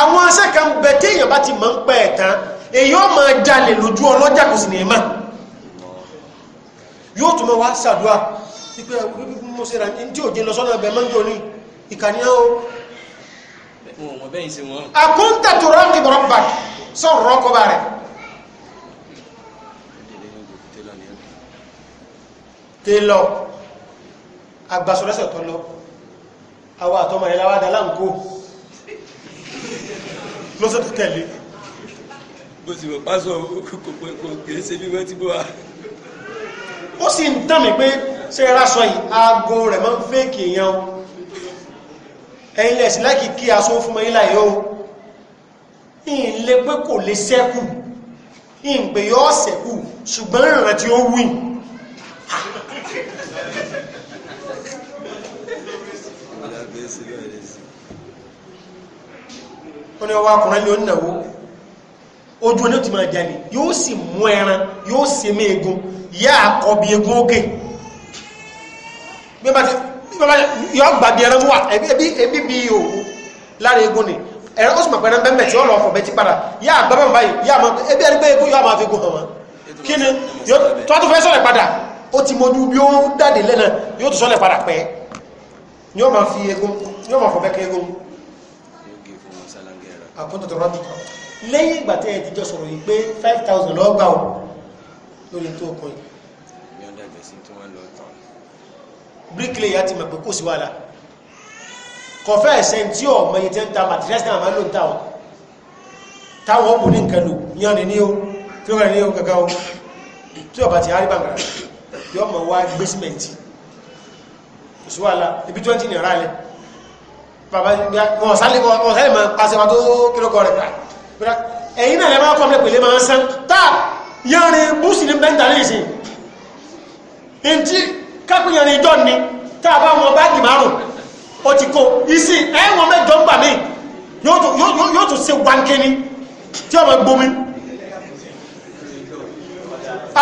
àwọn iṣẹ́ kan bẹ̀ téèyàn bá ti mọ̀ ń pẹ́ èyí ó máa jalè lójú ọlọ́jà kò sì ní ẹ̀mà yóò tún mọ́ wá sàdúà wípé mo ṣe ra tí ò jẹ́ lọ sọ́nà ẹ̀bẹ̀ mọ́jọ ní ìkànnìyàn o àkóńtà tó rọ́ọ̀kì bọ̀rọ̀bà sọ̀rọ̀ rọ́kọ̀bà rẹ̀ télọ̀ agbásọ̀lẹ́sẹ̀ tọ́lọ́ àwọn àtọ́mọ̀ ẹ̀láwádà láǹkó lọ́sẹ̀ tó tẹ̀lé bó sì wọ pásọ kò kìí ṣe bí wọ́n ti bọ́ wa. ó sì ń tàn mí pé ṣé ẹ ráṣọ yìí aago rẹ̀ máa ń fẹ́ẹ̀kì èèyàn ẹ̀yin lẹ̀sìn láìkì kí aṣọ fún mi láyé o ìyìn lè pé kò lè sẹ́kù ìyìn pé yọ sẹ́kù ṣùgbọ́n ìrìnrìn tí ó wù ó ní ọwọ́ akùnrin ni ó ń ojú ọ̀nà tí máa jalè yóò sì mú ẹran yóò se mé egun yá àkọ́bí egun ókè yọ gbà bí ẹran wà ẹbí bí òwú lára egun ni ẹran ó sì mọ̀ pẹ̀lú bẹ́ẹ̀ tí ó lọ ọ̀fọ̀ bẹ́ẹ̀ tí padà yá àgbàbọ̀ báyìí yá àmọ́ ẹbí ẹni pé egun yóò máa fi gun hàn wọ́n kí ni tó tó fẹ́ sọ̀rọ̀ padà ó ti mọ́jú bí ó dáde lẹ́nà yóò tó sọ̀rọ̀ padà pẹ́ ni ó máa fi egun ni máa fọ̀ kẹ́ egun. àkótó lẹ́yìn ìgbà tẹ́ ẹ ti jọ sọ̀rọ̀ yìí pé five thousand lọ́gbà ò lórí tó kàn yìí. ní ọ̀dà ìgbésí tí wọ́n lọ tán. bíríkìlì yà ti mọ̀ pé kò sí wàhálà kọfẹ́ ẹ̀sẹ̀ tí ọ̀ mọ iye tí ń ta màtíríẹ́sì náà máa ń ta ọ̀ o tí ó rẹ̀ ní o kankan o tí ọ̀bà ti harí bàǹgà yọ mọ̀ ẹ̀yìn náà lẹ́bàá kọ́mílẹ̀ pẹ̀lẹ́ máa ń sán táà yẹrin búùsì ní bẹ́ńtà ní ìsìn ìdí kápẹ́ yẹrin ìjọ ni táà bá wọn báàgì márùn ó ti kó ìsìn ẹ̀wọ̀n mẹ́jọ ń gbà mí yóò tún ṣe wáńkéni tí ọmọ gbomi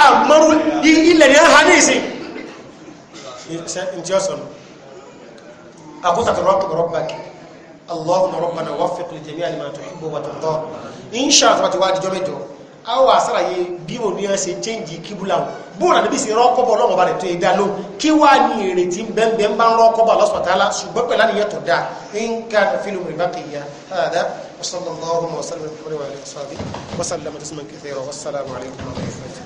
àmọ́rú ilẹ̀ ní ha ní ìsìn ìjọsọ̀nù àbútàtọ̀rọ̀ pẹ̀lú ọ̀pọ̀ اللهم ربنا وفق لجميع ما تحب وترضى ان شاء الله توا دي جومجو او اسرا يي بي او نيان سي تشينجي كيبولا بو نا بي سي روكو بو لوhun ba le to ida lo kí wá ní ìrètí nbe nbe nba roko ba Allah subhanahu wa ta'ala ṣùgbọ́n pẹ̀lú àníyàn tó dáa in kana fil umri baqiya hada wa sallallahu wa sallam ala alihi wa sahbihi wa sallam tasman kathira wa assalamu alaykum wa rahmatullahi